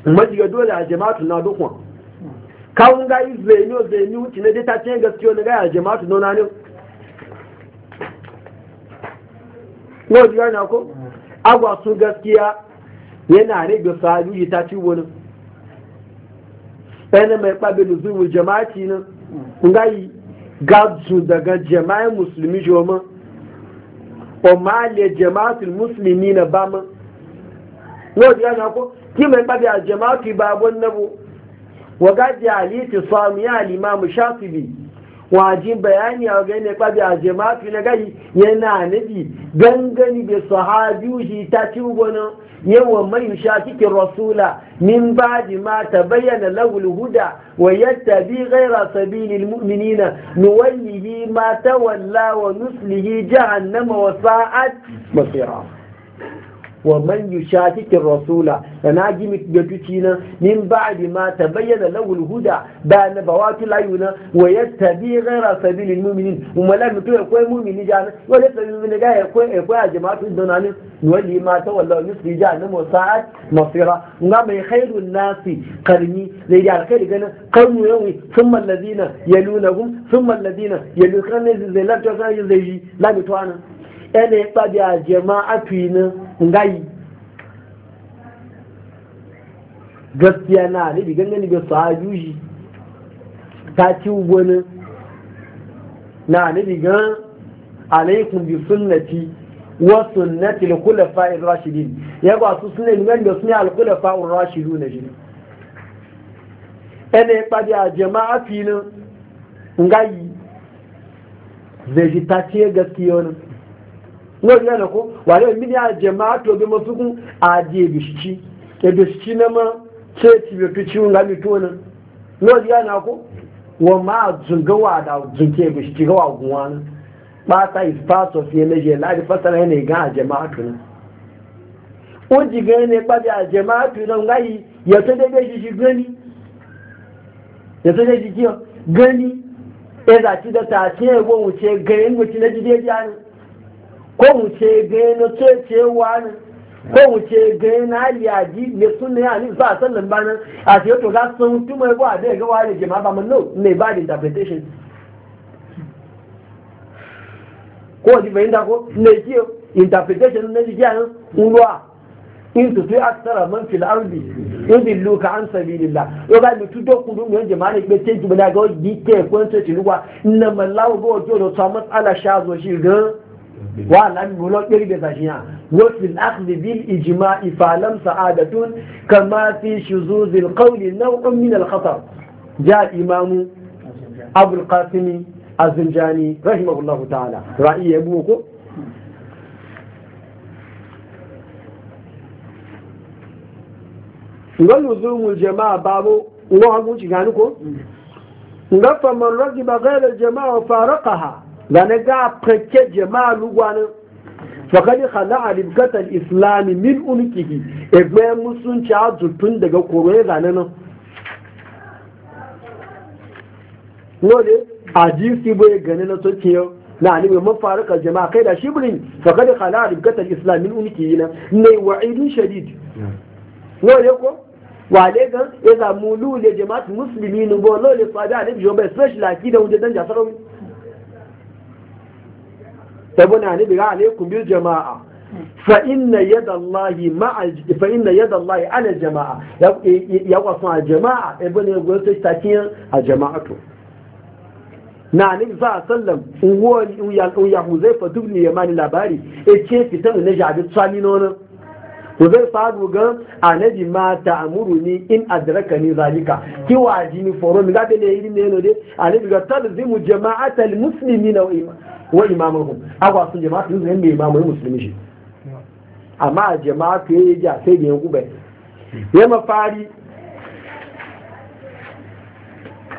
S1: maji dole a na dukwa kawun ga izenyo zenyo ti ne ta gaskiya a na ne ko na ko agwa gaskiya yana ne ga sahabi ta ci wani ɗaya mai ƙwabe da zuwa jama'aci nan nga yi gadsu daga jama'in musulmi joma o ma le jama'atul musulmi na ba ma wọ́n yana ko ki mai ƙwabe a jama'atu ba abun bu wa gaji aliti sami ya alimamu shafibi wajin bayani a wajen ne kwabi a jama'atu na gari yana nabi gangani da sahabi ta ci wani yawan mai shakikin rasula min ba'di ma tabayyana lahu huda wa yattabi ghayra sabilil mu'minina nuwallihi ma tawalla wa nuslihi jahannama wa sa'at masira wa man yushakikin rasula da na ji ga tuci nan min ba'di ma tabayyana lawul huda ba na bawatu layuna wa yattabi ghayra sabilil mu'minin umma la mutu ya koyi mu'mini jana wa la tabi mu'mini ga ya koyi ya koyi jama'atu dunanin wali ma ta wallahu yusri jana mu sa'at masira nga mai khairun nasi qarni zai ya alkhairi gana qarnu yawi thumma alladhina yalunahum thumma alladhina yalunahum zai la ta zai la mutu anan ene kpabi a jama'a fina ngai gaskiya na ne bi gangani ga sahajuji ta ci wani na ne bi gan alaikum bi sunnati wa sunnati al-khulafa ar ya ba su sunne ne ga sunne al-khulafa ar-rashidun shi na kpabi a jama'a fina ngai ji ta ce gaskiya wani wọ́n yẹ́ lọ́kọ́ wà lẹ́yìn mí ní àjẹmọ́ àtòbí mọ́ fíkún àdì èbìsìkí èbìsìkí náà mọ́ ṣé ti bèbí tí ń rámi tó náà wọ́n yẹ́ lọ́kọ́ wọ́n máa dùn gan wà dà dùn kí èbìsìkí gan wà gùn wọn náà pátá ìfásọ̀ fi ẹlẹ́yẹ gani yẹtọ́ dédé ṣiṣi gani ẹ̀dà tí dọ́tà ko mu ce gaya na ce wani, ne ko mu ce gaya na yaji ne sun ne ani ba sallan ba nan a ce to ga sun tu mai ba da ga wani jama'a ba mun no ne ba da interpretation ko ji bayin da ko ne ji interpretation ne ji yan ulwa in tutu aksara man fil ardi yudillu Luka an sabilillah yo ga mi tudo ku dum yanje ma ne bete ji bana ga ji te ko to ti ruwa na mallawo go to do ta masala sha zo shi ga وعلم ملوكر بساشيا وفي الأخذ بالإجماع فعلم سعادة كما في شذوذ القول نوع من الخطر جاء إمام أبو القاسم الزنجاني رحمه الله تعالى رأيه أبوكم ولزوم الجماعة بابو الله أبوك أقول شكانكم فمن رغب غير الجماعة وفارقها zane ga fanke jama'a lugwanin fakali hala a ribgatar islami min unkihi egbe musulunci a zutun daga koro ya e zane nan lole a jisi bai e gani na soke yau na ani mai mafarika jama'a kai da shi shibrin fakali hala a ribgatar islami min unkihi na ne wa'idin shadid lole ko wale gan ya zamu lule jama'at musulmi ne bo lole sabi a nabi jobai sashi laki da wujen dan jasarawi تبون يعني بقى عليكم بالجماعة فإن يد الله مع فإن يد الله على الجماعة يوقف مع الجماعة ابن يقول تشتاكين الجماعة نعني صلى الله عليه وسلم هو يحوزي فدبني يماني لاباري اتشي إيه في تنو نجا عبد صالي نونه zai sadu gan anabi ma ta amuru ni in adraka ni zalika ki waji ni foro mi gabe ne irin ne de anabi ga talzimu jama'ata almuslimina wa imamuhum agwa sun jama'a sun zai ne imamu muslimi shi amma jama'a ke ja sai da gube ya mafari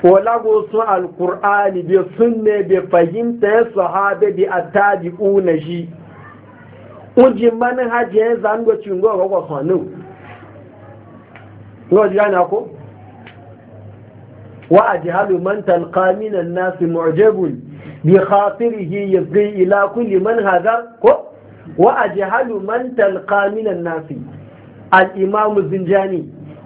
S1: wala go su alqur'ani bi sunne bi fahimta sahabe bi atabi'una shi ji uji manin hajiyar zango cingo ga kwafanin ji jana ko wa a halu man talqaminan nasi mu'jabun bi ya yabghi ila kulli man hadar ko wa a jihalu man talqaminan nasi al-imam zinjani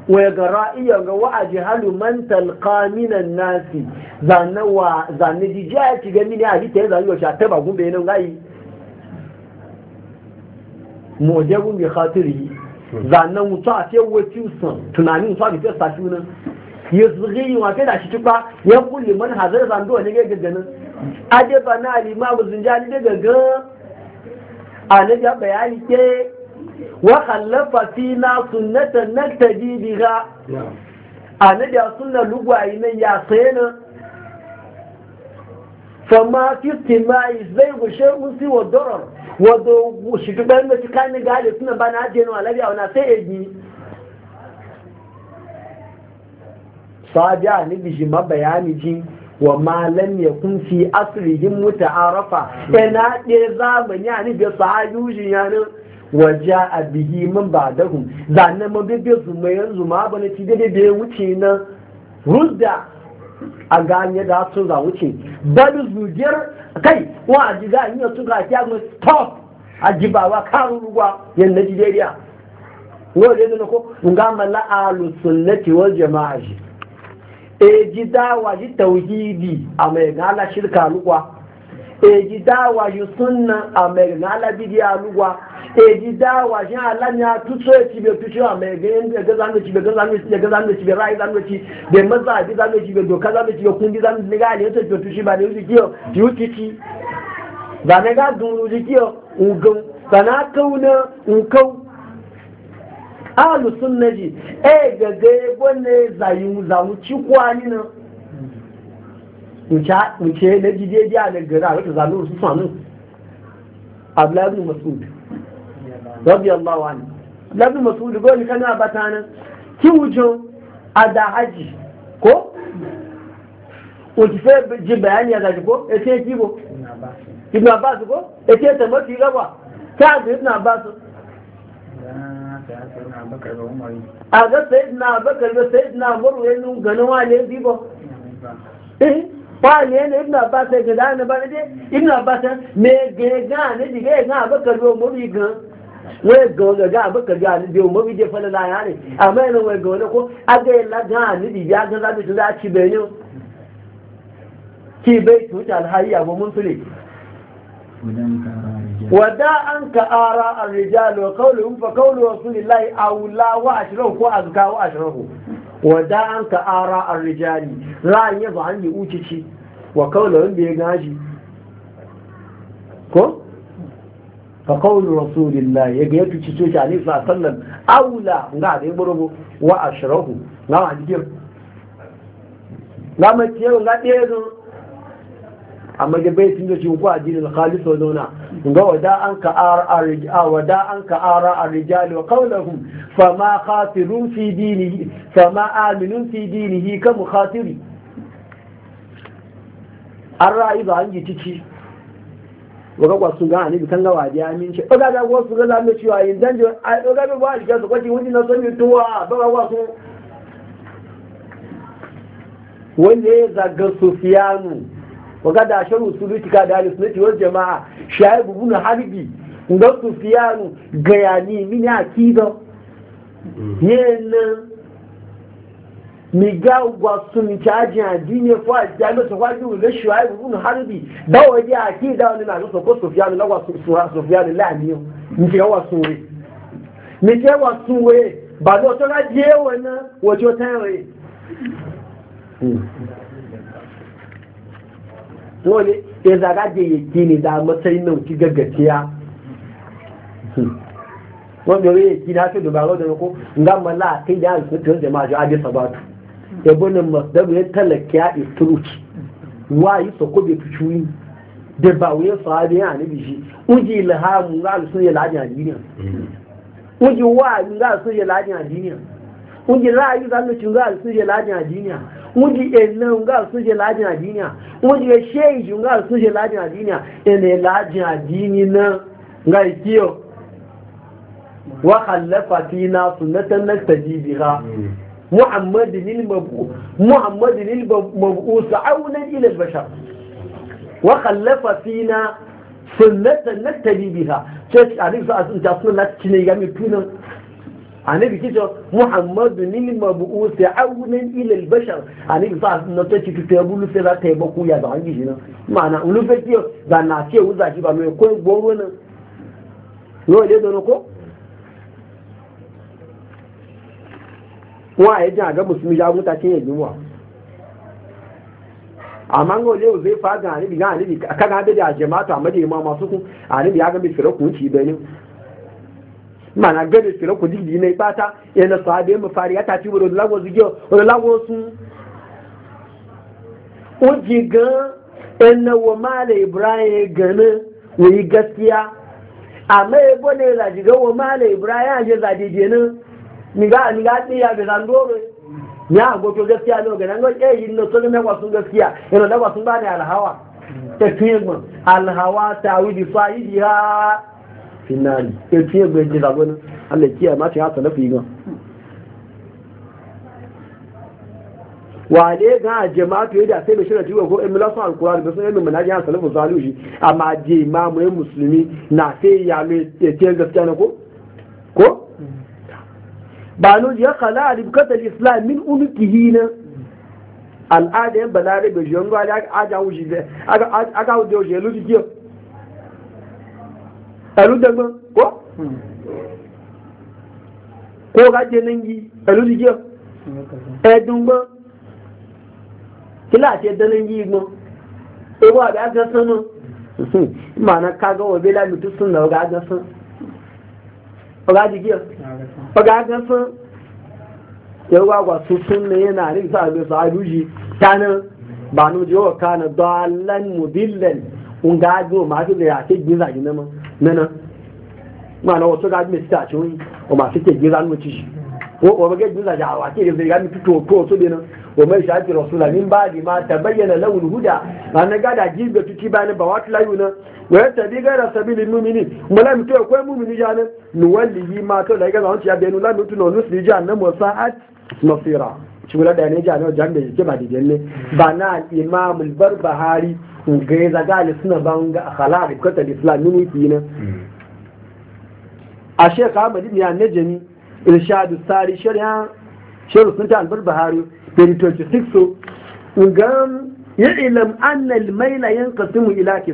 S1: wa ga ra'iya ga wa a jihalu man talqaminan nasi zanne wa zanne jijiya ci ga mini a jikin zanne yau sha taba gumbe nan gayi mojabun bi khatiri zannan mutu a ce wasu san tunanin mutu a bi fesa shi nan ya zuri wa ta da shi tuba ya kulli man hazar zando ne ga ganin ade ba na alimamu zinjani da gaga a na ga bayani ke wa khallafa fina sunnatan naktabi biha a na da sunna lugwayi nan ya sayana fama fi istimai zai gushe usi wa darar wato shugaban da cika ni gale suna ba na ajiye nawa labiya wana sai ya gini sajiya ni bishi mabayani ji wa malam ya kun fi arafa muta'arafa yana ɗaya zamani a ni da sahajujin yanin waja a bihi min ba hun zanen mabibi zuma yanzu ma ci da ya wuce na rudda a ganye da su za wuce bari zujiyar kai wa a ji ganye a su ga ta stop a ji ba wa karu ruwa yan Najeriya ngo le no ko nga mala alu sunnati wal jamaa ji e ji dawa ji tauhidi a mai gala shirka ruwa e ji dawa ji sunna a mai gala bidiya ruwa eji dawa shi alam ya tutso ya ci tutso a mai ganin da ga zanuci bai ga zanuci da ga zanuci bai rai zanuci maza bi zanuci bai doka zanuci bai kundi zanuci ne ga ne ta tutso ba ne yuki kiyo yuki ci ba ne ga dun yuki kiyo ugun sana kauna ukau ahlu sunnaji e ga ga gwanne zayu zamu ci kwani na mucha muce na jijeji a daga ra wata zanu su sanu Abdullahi Masud radiyallahu anhu labi masudu goli kana batana ki wujo ada haji ko ojife ji bayani aga ko ete kibo ibn abbas ko ete tamo ti gawa ta ibn abbas a ga sayyidina bakar da sayyidina muru ya nun ganin wale bibo eh wale ne ibn abbas ga da na ba ne ibn abbas me ga ga ne diga ga bakar da muru gan wai ga wani ga abin ka ga ni biyu mabi je fana na ya ne amma yana wai ga wani ko aga yi laga ni bi ya ga zaɓi tun za a ci bai ne ki bai tuta alhari abu mun fili wada an ka ara a rijal wa kaulu fa kaulu a wula wa ashrahu ko azka wa ashrahu wada an ka ara a rijali ra'ayi ba an yi ci. wa kaulu bai gaji ko fa qawlu rasulillah ya ga yato cico ci alaihi sallam aula nga da burubu wa ashrahu na ma jikin na ma ciyo na ɗezu amma da bai sun ci ku addinin khalis wa zauna ga wada an ka ara wada an ka ara ar-rijal wa qawluhum fama khatirun fi dinihi fama aminun fi dinihi ka mukhatiri an ra'ayi ba an yi cici waga kwasu ga gana bi kanga da amin shi oga ga go su ga lamu ciwa yin dan jo ai oga bi ba shi ga su kwaci wani na so mi tuwa ba ga su wanda ya zaga sufiyanu waga da sharu su rutika da alis na ciwon jama'a shayi na harbi ga sufiyanu gayani mini mm. yin nan miga ugwa sun a addini ko a jami'a su kwaji wule shuwayi ibn harbi dawo waje a ki da wani na nusa ko sufiyanu lagwa sufiyanu lamiyo nke yawa sunwe nke yawa sunwe ba da wata raji ewe hmm. na wajo ta wani ya zaga da ne da matsayin nan ki gaggaciya wani yau na ko la ma tu ebonin masdaru ya talaka ya Wa yi sako bai fi cuyi da ba wuya sahabi ya anabi shi uji ilhamu ga alisun ya lajin adiniya uji wa'azi ga alisun ya lajin adiniya uji ra'ayi ga alisun ga alisun ya lajin adiniya uji enan ga alisun ya lajin adiniya uji ya shehi ga alisun ya lajin adiniya ene lajin adini na ga ikiyo wa khallafa fina sunnatan naktaji biha hmm. محمد للمبعوث محمد للمبعوث عونا إلى البشر وخلف فينا سنة نتبي بها شيخ عريف أنت أصلا لا تشيني يامي بينا annabi kike muhammadu nil mabu'us aunan ila al-bashar annabi sa na ta ci tuta bulu sai za ta yi baku ya da hanji shi na ce ba ko wọn àyè jẹ́ àgá mùsùlùmí yá wúta kí yẹn wà a ń lé òzé fáàgà àníbi gán àníbi kága bẹ́ẹ̀ àjẹmátò àmọ́dé ìmọ̀ ọmọ sókún àníbi yá gẹ́gẹ́ fẹ́rẹ́kùn tì ni mana gẹ́gẹ́ fẹ́rẹ́kùn tì yìí náà pátá yẹn sọ abẹ́ fari yàtà tí wọ́n lọ́wọ́ zigi ọ̀lọ́wọ́ sún ó jì gan ibrahim gan náà wọ́n gaskiya àmọ́ ebó niga niga tiya be zandoro ya goto gaskiya no ga nan go eh yin no tole me wasun gaskiya ina da wasun bani alhawa ta tiye mun alhawa ta widi faidiha finali ta tiye gbe ji zagon Allah kiya ma ta hasa nafi gan wale ga jama'atu yadda sai bai shirya jiwa ko emila sun alkurari da sun yi mimina jihar salafu zalushi amma jimamu musulmi na sai e ya mai tiyar gaskiya na ko ba no ya khala ribkatul islam min ulkihi na al'ada yin balare be jiyon ga aga aga wuji be aga aga wuji oje lu jiyo alu dagba ko ko ga je gi, alu jiyo edun gbo kila ti edan nangi gbo ewo abi aga sanu mana kaga obela mutu sunna ga aga sanu faga jigiyar faga yau gwagwa su sun ne yana rin sa abin sa abuji ta nan ba nu jiwa ka na dalan mudillan un ga ma su da ya giza gina ma nana ma na wasu ga mai sita ce wani o ma giza shi ومجد جزا جعوا كيف يبدأ يقام تتوى بو سبنا ومن شاهد رسولا من بعد ما تبين له الهدى أنا قاعد أجيب تتبان بوات لايونا ويتبي غير سبيل المؤمنين ولا متوى كوي مؤمن جانا نولي ما تولى يقام أنت يبدأ لا نتوى نسل جانا وساعة مصيرا شغل هذا يعني جانا جانا جمع دي جنة بنا الإمام البربهاري وغيزة قال سنة بانغ خلاق كتل الإسلام من ويتينا الشيخ أحمد بن النجمي irshadu sari shari'a shari'a sun ta albar bahari 26 ugam ya ilam annal maila yanqasimu ila fi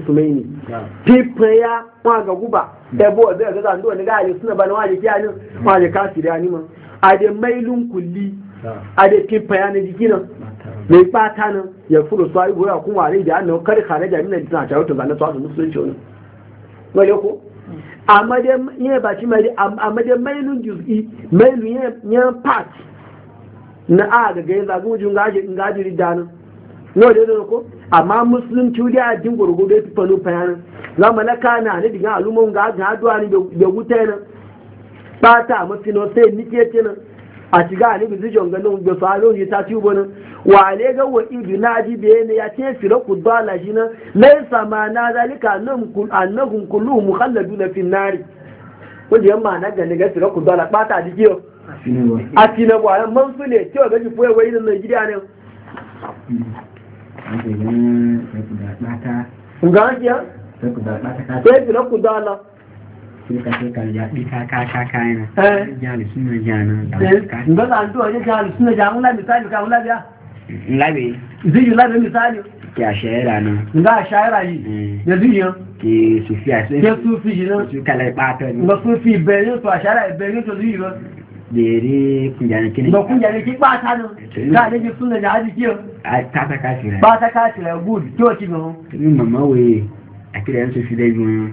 S1: pipaya wa ga guba ebo da ga zan do ne ga yi suna bana waje kiyani waje kafiri ani man a de mailun kulli a de pipaya ne jikina mai bata nan ya furu sai goya, kuma ne da annabi kar kare min al-islam ta wato zan ta musulunci wannan wale ko amma dai ne ba ci mai amma dai mailun part na a ga ga zagu jun gaji in gaji ridanin no ko amma muslim tudi a jin ya fano bayanin na kana ne diga ga adụ duwa ne da wuta ne ba ta nike ce na. a shiga a nufi zijin ganin da faro ne ta ci wani wa le ga wa idu na ji ne ya ce fira ku dala shi nan Lai ma na zalika annahum kullu mukhalladuna na finnari ko di amma na gani ga fira ku dala bata a jikiyo a na wa man su ne cewa gaji foye wa idan nigeria ne
S2: ga ya? Sai ku da ɓata kasa. Sai ku da la suka suka yaɗi kakaka kayan jihar suna jana da ba
S1: an tuwa jihar suna jana wula misali ka wula biya labe ziyu labe misali
S2: ke a shayara nan nga a shayara yi da ziyu ke sufi a sai ke sufi yi nan su kala ipata ne ba sufi benin to a shayara benin to yi ba bere kunjani kini ba kunjani ki ba ta nan ga ne suna ji kiyo ta ta kashi ba ta kashi good to mama we sufi yi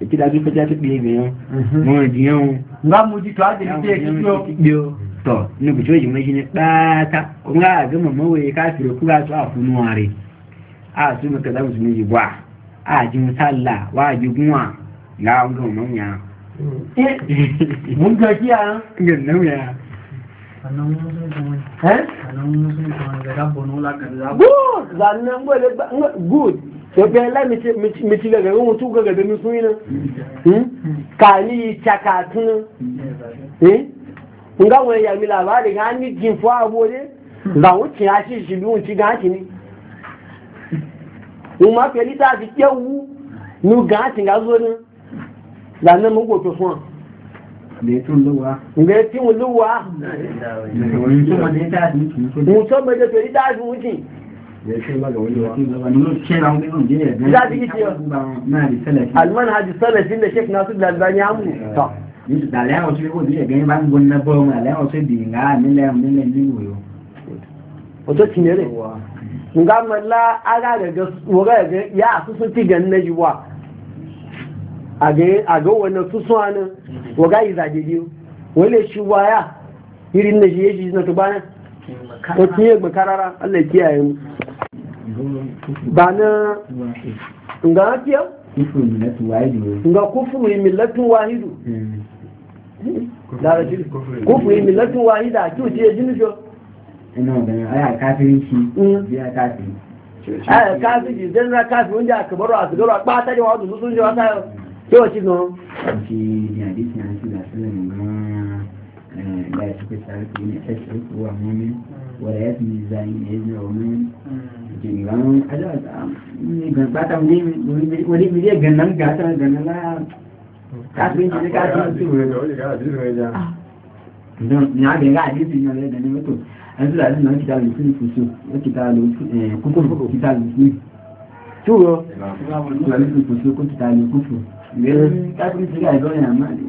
S2: ètí lágbé pẹ́já tó pè é bẹ̀yàn mhm. wọ́n rìn díyàn wọn. ńgá mú ti tọ́ á tẹ̀lé tí èkìtì ó gbé o. tọ̀ ní kò tí ó yìí mọ́ ìṣiní pátá ńgá àgbẹ̀ mọ̀mọ́ wòye káàkiri kúrò àtọ́ àfúnú wọn rè àtú mi kẹta mùsùlùmí yìí wà àjùn sálà wà àjùgún wà ńgá ńgá mọ̀ mọ̀ yàn. mú gbọ́ eh, kí a. ńgá eh?
S1: good yọ̀bẹ̀ ẹlẹ́mìtì gẹ̀gẹ̀ ohun tó gẹ̀gẹ̀ bẹ̀mí fún iná yi ìtàkàtún
S3: hmm? hmm?
S1: nga yi caka mí làbá rẹ̀ wani ní jìn fún àbò rẹ̀ làwọn tì á sì ṣìlú ohun tí gán tì ní wọn máa fẹ́ lítà fi jẹ́ wú ní gán tì gán lónà lànà mú kò tó fún ọ. Ǹjẹ́ tí mo lówó a? Mo sọ ma jẹ́ tó lítà fi wú tì. المنهج السلفي اللي شيخ ناصر الألباني عمله صح
S2: da lẹ́wọ̀n tí ó díẹ̀ gẹ́yìn bá ń gbọ́n náà bọ́ọ̀mù àlẹ́wọ̀n tó dì ńgá nílẹ̀ nílẹ̀ nílùú yóò.
S1: ọjọ́ ti yẹrẹ nga mọ̀lá ara gẹ̀gẹ̀ wọ́rọ̀ gẹ̀gẹ̀ yá àtúntún ti gẹ̀ nílẹ̀ yìí wà àgẹ́wọ̀n Wani tuntun àná wọ́gá ìzàjẹ̀dẹ̀ wọ́n lè ṣubú ayá yìí nílẹ̀ yìí yé ka kiye mu karara Allah kiyaye mu ba na nga hakiya nga kufu yi millatun wahidu
S2: dara yi
S1: wahida a kiwo ciye jini jo
S2: ina ganin aya kafirin shi biya mm. kafirin aya
S1: kafirin kafirin wanda a a kpata da ta yau
S2: kewa ci gan shi ne a shi da ya suka tsari ne a shi Wole et mizan enye zi ou men. E geni wan, ajo a tan. Mweni geni pata mweni mweni mweni mweni mweni gen nan gata man gen nan la. Katwen geni katwen. Mweni an geni ati mweni mweni an geni ati. An sou la zin an kitali fwini fwisi. E kitali fwini fwisi. Koukou fwini fwisi. Chou yo. Koukou fwini fwisi. Koukou fwini fwisi. Katwen geni ati mweni an mani.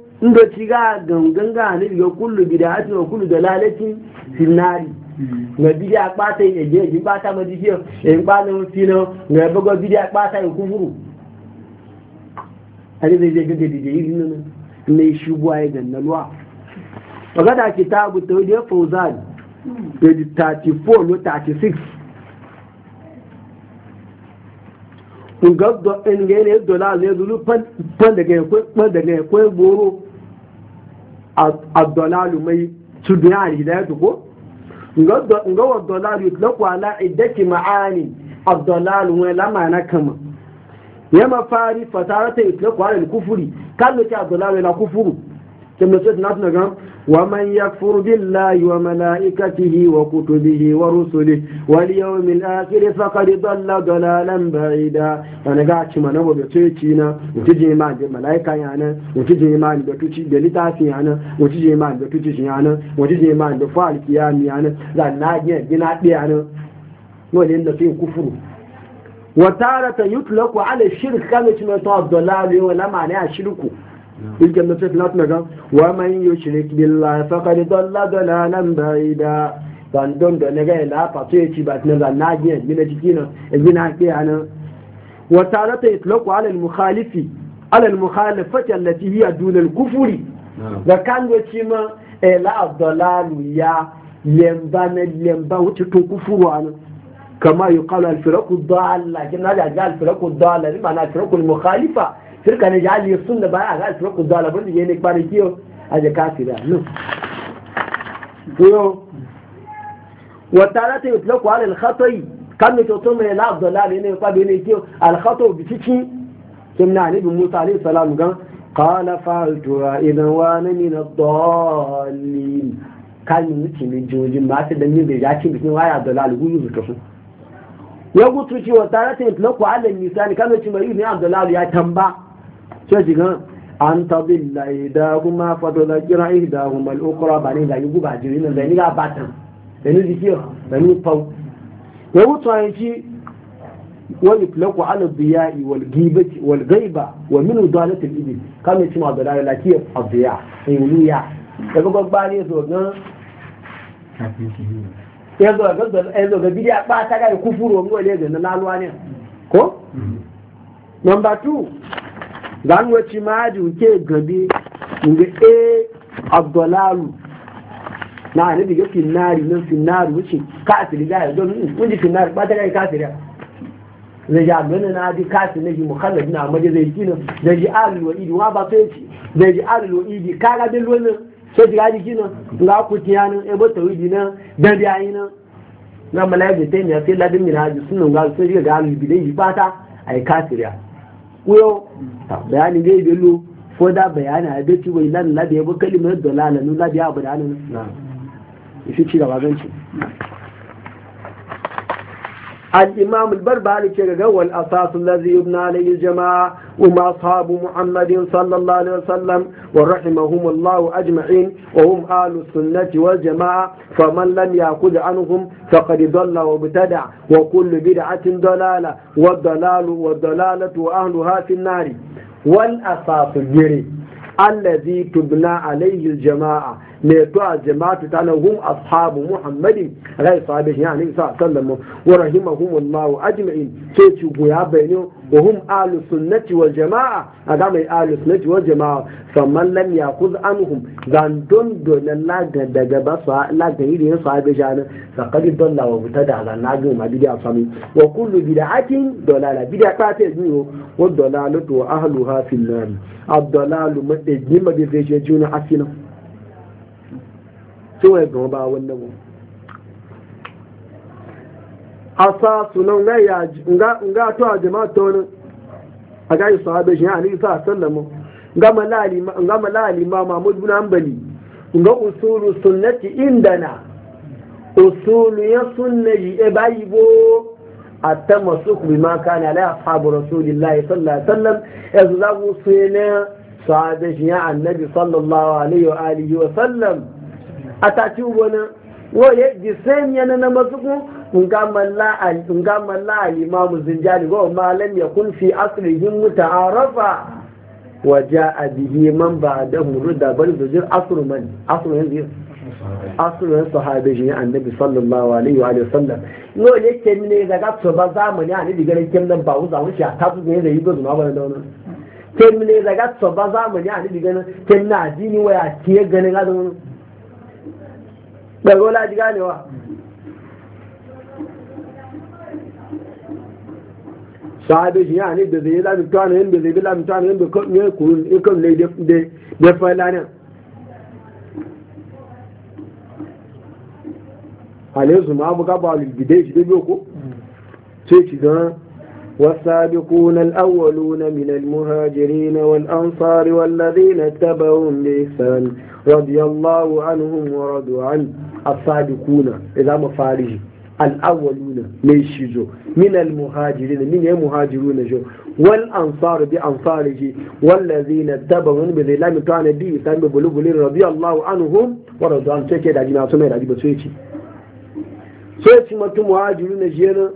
S1: inda ci ga gangan ga hannun ga kullu bida hati wa kullu dalalacin sinari ga bidiya kpata ya je ji bata ma ji ya in kpata ma fina ga bago bidiya kpata ya kufuru ali zai je gaga dije yi nan ne shubuwa ya ganna luwa baga da kitabu tawdi fawzan page 34 no 36 ngabdo en gene dolal ne zulu pan pan daga ko pan daga ko boro ad mai su biya al-hidayatu ko nga wa dalalu yutlaqu ala iddati ma'ani ad-dalalu wa la ma'ana kama ya mafari fatarata yutlaqu ala al-kufri kallo ta ad-dalalu la kufuru kamar sai na tuna ga ومن يكفر بالله وملائكته وكتبه ورسله واليوم الآخر فقد ضل ضلالا بعيدا أنا قاعد شما نبو بتوتينا وتجي ما عند ملائكة يعني وتجي ما عند بتوتي بلتاسي يعني وتجي ما عند بتوتي يعني وتجي ما عند فالك يعني لا ناجي جنات يعني ولين ده في كفر وتارة يطلق على الشرك كانت ما تعض ضلال ولا معنى شركه نعم. الجنة ثلاث نقا ومن يشرك بالله فقد ضل ضلالا بعيدا فاندون دون نقا لا فاتوية تبات نقا ناجيا من تكينا الجنة كيانا وتارة يطلق على المخالف على المخالفة التي هي دون الكفر نعم. وكان وشيما لا الضلال يا يمبا يمبا وتكون كفر كما يقال الفرق الضالة كنا جاء الفرق الضالة لما الفرق المخالفة shirka ne jali sun da baya ga shirku zalabun da yake kwanan kiyo a da kafira no to wa tarata yutlaqu ala al-khata'i kan ne to mai la abdullah ne ko be ne kiyo al-khata'u bi cikin kimna ne bi musa alayhi salam gan qala fa'altu idan wa ana min ad-dallin kan mutum ne joji ma sai dan ne ya ci bikin waya abdullah al-guyu zuka ya gutu cewa tare ta yi tulaku alal misali kan mutum mai yi ne abdullah ya tamba sai shiga an da yugo ba jirin da ni ga zanwaci maji nke gabi nga e abdulalu na ne diga Finari nan finnari wuce kafiri da yanzu wunji finnari ba ta kai zai ji abin na ji kasi na ji muhammad na maje zai ji zai ji alul wa idi wa ba sai ci zai ji alul wa idi kaga bin wannan sai ji gaji kinan nga ku tiya nan e bata nan dan biya yi nan na malayar ga ga alul bidai bayani da lo ko da bayani a bai ciwo ilan labe ya bu kalimar dalala lalalun labe abu da hannun na isi ci gaba zan ci. الإمام البربري كرغا والأساس الذي يبنى عليه الجماعة وما أصحاب محمد صلى الله عليه وسلم ورحمهم الله أجمعين وهم أهل السنة والجماعة فمن لم يأخذ عنهم فقد ضل وابتدع وكل بدعة ضلالة والضلال والضلالة أهلها في النار والأساس الجري الذي تبنى عليه الجماعة ne to a jama'atu ta na hum ashabu muhammadin rai sahabi shi yanin sa mu wa rahimahumullahu ajma'in ce ci goya bayani wa hum ahlu sunnati wal jama'a a mai ahlu sunnati wal jama'a man lam yaquz anhum zan don don la daga ba sa la da yi sahabi shi ne faqad dalla wa butada ala nagi ma da sami wa kullu bid'atin dalala bid'a ta ta yi wa dalalatu ahluha fil nar ad-dalalu madajima bi je juna asina tó ẹ̀gbọ́n ba wọn náà wọn. asa sunan ga to a jama'a ta wani a gaji sahabe shi a nisa a sallama nga malali ma mahmud bin hanbali nga usulu sunnati indana usulu ya sunna e bayi bo atta masuk bi ma kana ala ashabu rasulillahi sallallahu alaihi wasallam yanzu za ku sai na sahabe shi ya annabi sallallahu alaihi wa alihi wa sallam atati wona woye jisen yana na mazuku nga malla al zinjali ba wa ma lam yakun fi aslihi muta'arafa wa a bihi man da bari da zujur asirin man asirin yanzu asru yan sahabe jin annabi sallallahu alaihi wa sallam no ne ke ne daga to ba zamani a diga ne kem nan ba wuza wuce a tafi ne da yibo zuma ba da wani. kem ne daga to ba zamani ani diga ne kem na dini waya ke ganin azumi ɗago laji ganewa sahabe shi ya ne da zai lami tuwa yin da zai bi lami tuwa yin da kan kuru ikan ne ya fayla ne alaisu ma abu gaba gidai shi da biyu ko ce shi don والسابقون الأولون من المهاجرين والأنصار والذين اتبعوا بإحسان رضي الله عنهم ورضوا عنه الصادقون إذا ما فارجي الأولون ليشجو من المهاجرين من المهاجرون جو والأنصار بأنصاره والذين اتبعون بظلام كان بي سام بلوغ رضي الله عنهم ورضوا عنه تكيد أجينا سمين أجيب سويتي سويتي ما تمهاجرون جينا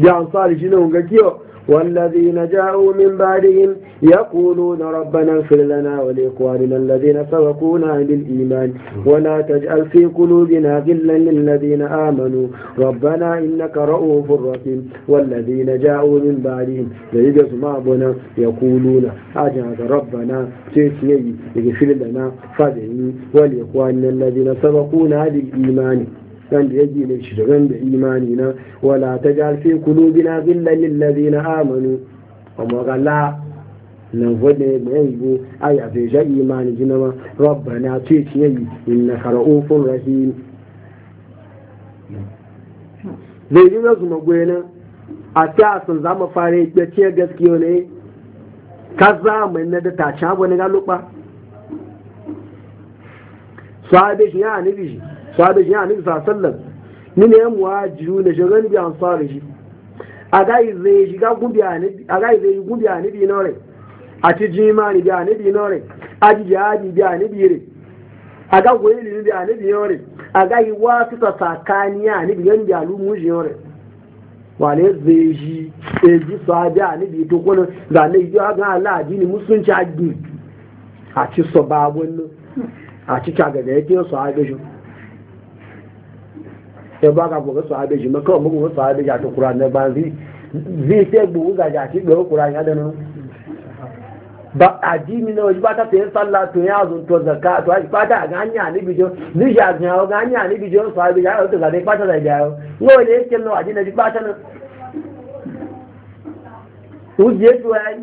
S1: بأنصار جينا ونغاكيو والذين جاءوا من بعدهم يقولون ربنا اغفر لنا ولإخواننا الذين سبقونا بالإيمان ولا تجعل في قلوبنا غلا للذين آمنوا ربنا إنك رؤوف رحيم والذين جاءوا من بعدهم ليجس معبنا يقولون أجعل ربنا تسيي اغفر لنا فادعي ولإخواننا الذين سبقونا بالإيمان wanda ya gine shi da da imani na wala ta jalfe kulubina zillan lillazina amanu amma gala na wadda mai yiwu a ya ja imani jina ma rabbana ce ci yayi inna kara'ufun rahim zai yi nasu magwena a ta sun zama fara gaskiyar gaskiya ne ka zamani na da ta ci abu na galupa sahabe shi ya anibi shi sahabi shi annabi sallallahu ya ne mu wajiru ne shagani bi ansari shi agai zai shiga gumbi nibi nọ rai a ci jimani bi annabi nore a ji nibi rai a re aga goyi lini bi annabi nore a yi wa fita tsakani yan shi nore wale zai shi eji to kuna musulunci a ci so a ci kaga da so a sai ba ka gobe sahabe shi makawa mu gobe sahabe ya kura na ban zai zai sai buhu ga ya ci kura ya da nan ba addini na waje ba ta ta yin sallah to ya zo to zakka to ai ba ta ga hanya ne bijo zai ya ga ga hanya ne bijo sahabe ta zai ba ta da ya no ne yake no addini ba ta nan uje to ai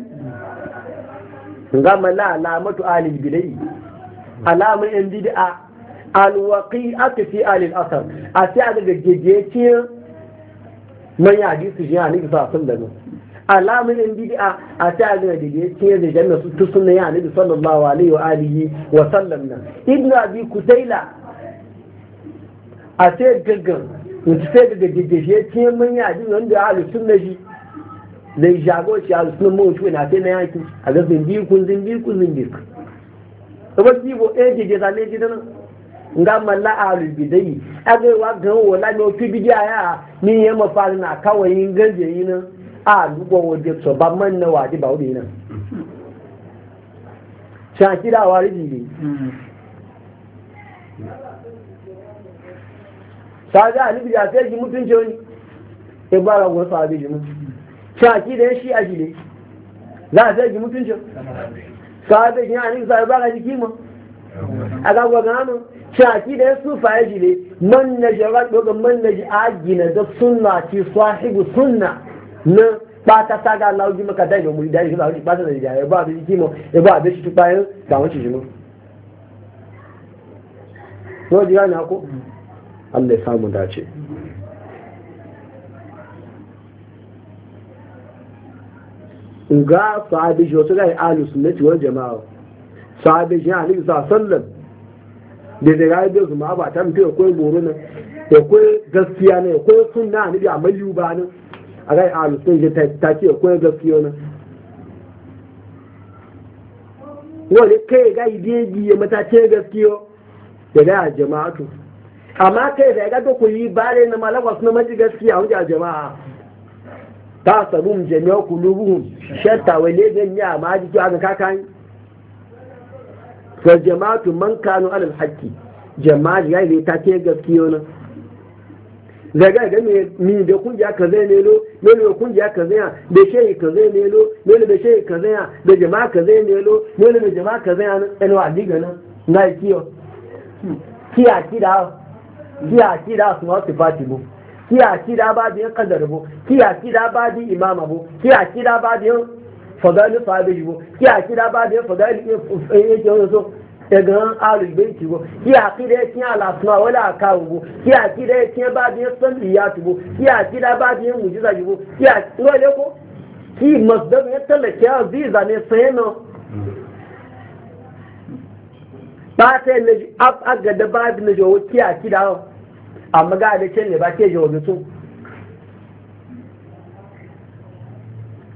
S1: ngama la alamatu alil Alwaki aka fi alil asar a sai a daga gegeciyar manya hadisi shi a nufi sun da nan alamun yan bid'a a ta ga da ya ce da janna su tu sunna ya nabi sallallahu alaihi wa alihi wa sallam nan ibnu abi kutaila a ta gaggan mutu ta daga gaggaje ya ce mun ya ji nan da sunna shi da jago shi ahli sunna mun shi na ta na yaki a ga zin bi kun zin bi kun zin bi kuma bibo eh gaggaje ne gidan nan nga malla ahlul bidai aga wa gan wala no fi bidi aya ni mo fa na kawai gaje yi na a dubo waje so ba man na wadi e ba wadi nan shan kira wari bibi sada alibi ya sai ji je ni e ra go sa bi mu ki de shi a jile za a sai ji sa sada ni ani ba bara ji kima agagwa gano shaki da su faye ne man na jara ɗogon man na ji agina da sunna ci sahibu sunna na ba ta saga lauji maka dai mu dai shi lauji ba ta da jare ba da kimo ya ba da shi tubayin ba wani shi mu to ji gane ko Allah ya samu dace ga sahabi jo to ga ahlus sunnati wal jamaa sahabe shi ali sa sallar da da gaye da zuma ba ta mutu akwai boro nan akwai gaskiya ne akwai sunna a da mayu ba nan a gai alu sun ta ta ce akwai gaskiya nan wani kai ga ideji ya mata ce gaskiya da ga jama'atu amma kai da ga da ku yi bare na malaka suna maji gaskiya wajen jama'a ta sabu jami'a kulubuhum shatta wale zan yi a jiki aka kakan fa jama'atu man kanu alal haqqi jama'a ya yi ta ce gaskiya ne daga ga mi da kungiya ka zai nelo nelo mele da kungiya ka zai da shehi ka zai nelo nelo mele da shehi ka zai da jama'a ka zai nelo nelo mele da jama'a ka zai ne ɗan wa diga nan na yi kiyo kiya kida kiya kida su ma su fati bu kiya kida ba biyan kadar bu kiya kida ba bi imama bu kiya kida ba biyan fadali sahabe yiwo ki akida ba de fadali ye ke so e, e, e, egan alubeiti wo ki akida ye kin alasuna wala aka wo ki akida ye ba de ya ki akida ba de mujiza yiwo ki akida le ko ki masdar ne talake aziza ne ba yi agada ba na ki akida amma ga da ke ne ba ke jawo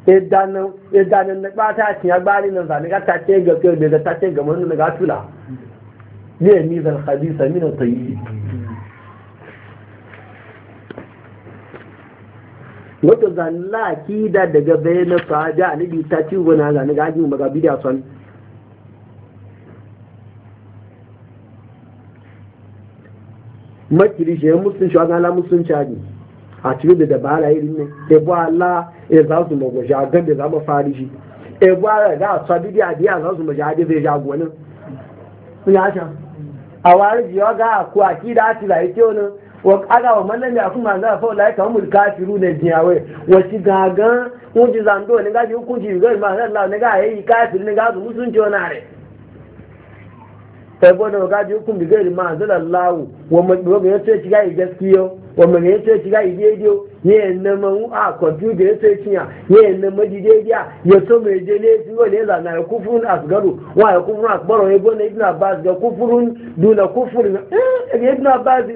S1: idanun na ɓata cin ya gbari nan zane ga tace ga fiye da ga tace ga manu ga tula ne ni zan hadisa mina ta yi wata zalla da daga na bayanan sahaja alibi ta ci wani zane ga ajin maga bidiya son makiri shi ya musulunci wani ala musulunci a cikin da dabara irin ne ke bu Allah e za su mago jagan fari shi e gwara ga a sabi da biya za su mago ya ta a a kuwa ki da la ite wani aga wa mallan da kuma za fa la ka mul kafiru ne jiyawe wa shi ga ji ma Allah ne ga yayi kafiru ne ga su musunci wani are ji e, ma wa ga wọ́n yẹn tó ti láì déédéé yẹn ẹ̀nà mọ̀ ń à kọ̀mpútà yẹn ti yàn yẹn ẹ̀nà mọ̀ di à yẹn tó mọ̀ èdè ní etí wọ́n ní ìlànà ẹ̀kú fún àsùgárò wọn àìkú fún àgbọ̀rọ̀ ẹgbẹ́ ní ibùdó abáàsì gẹ kú fún dùnà kú fún ní ẹ̀yìn ibùdó abáàsì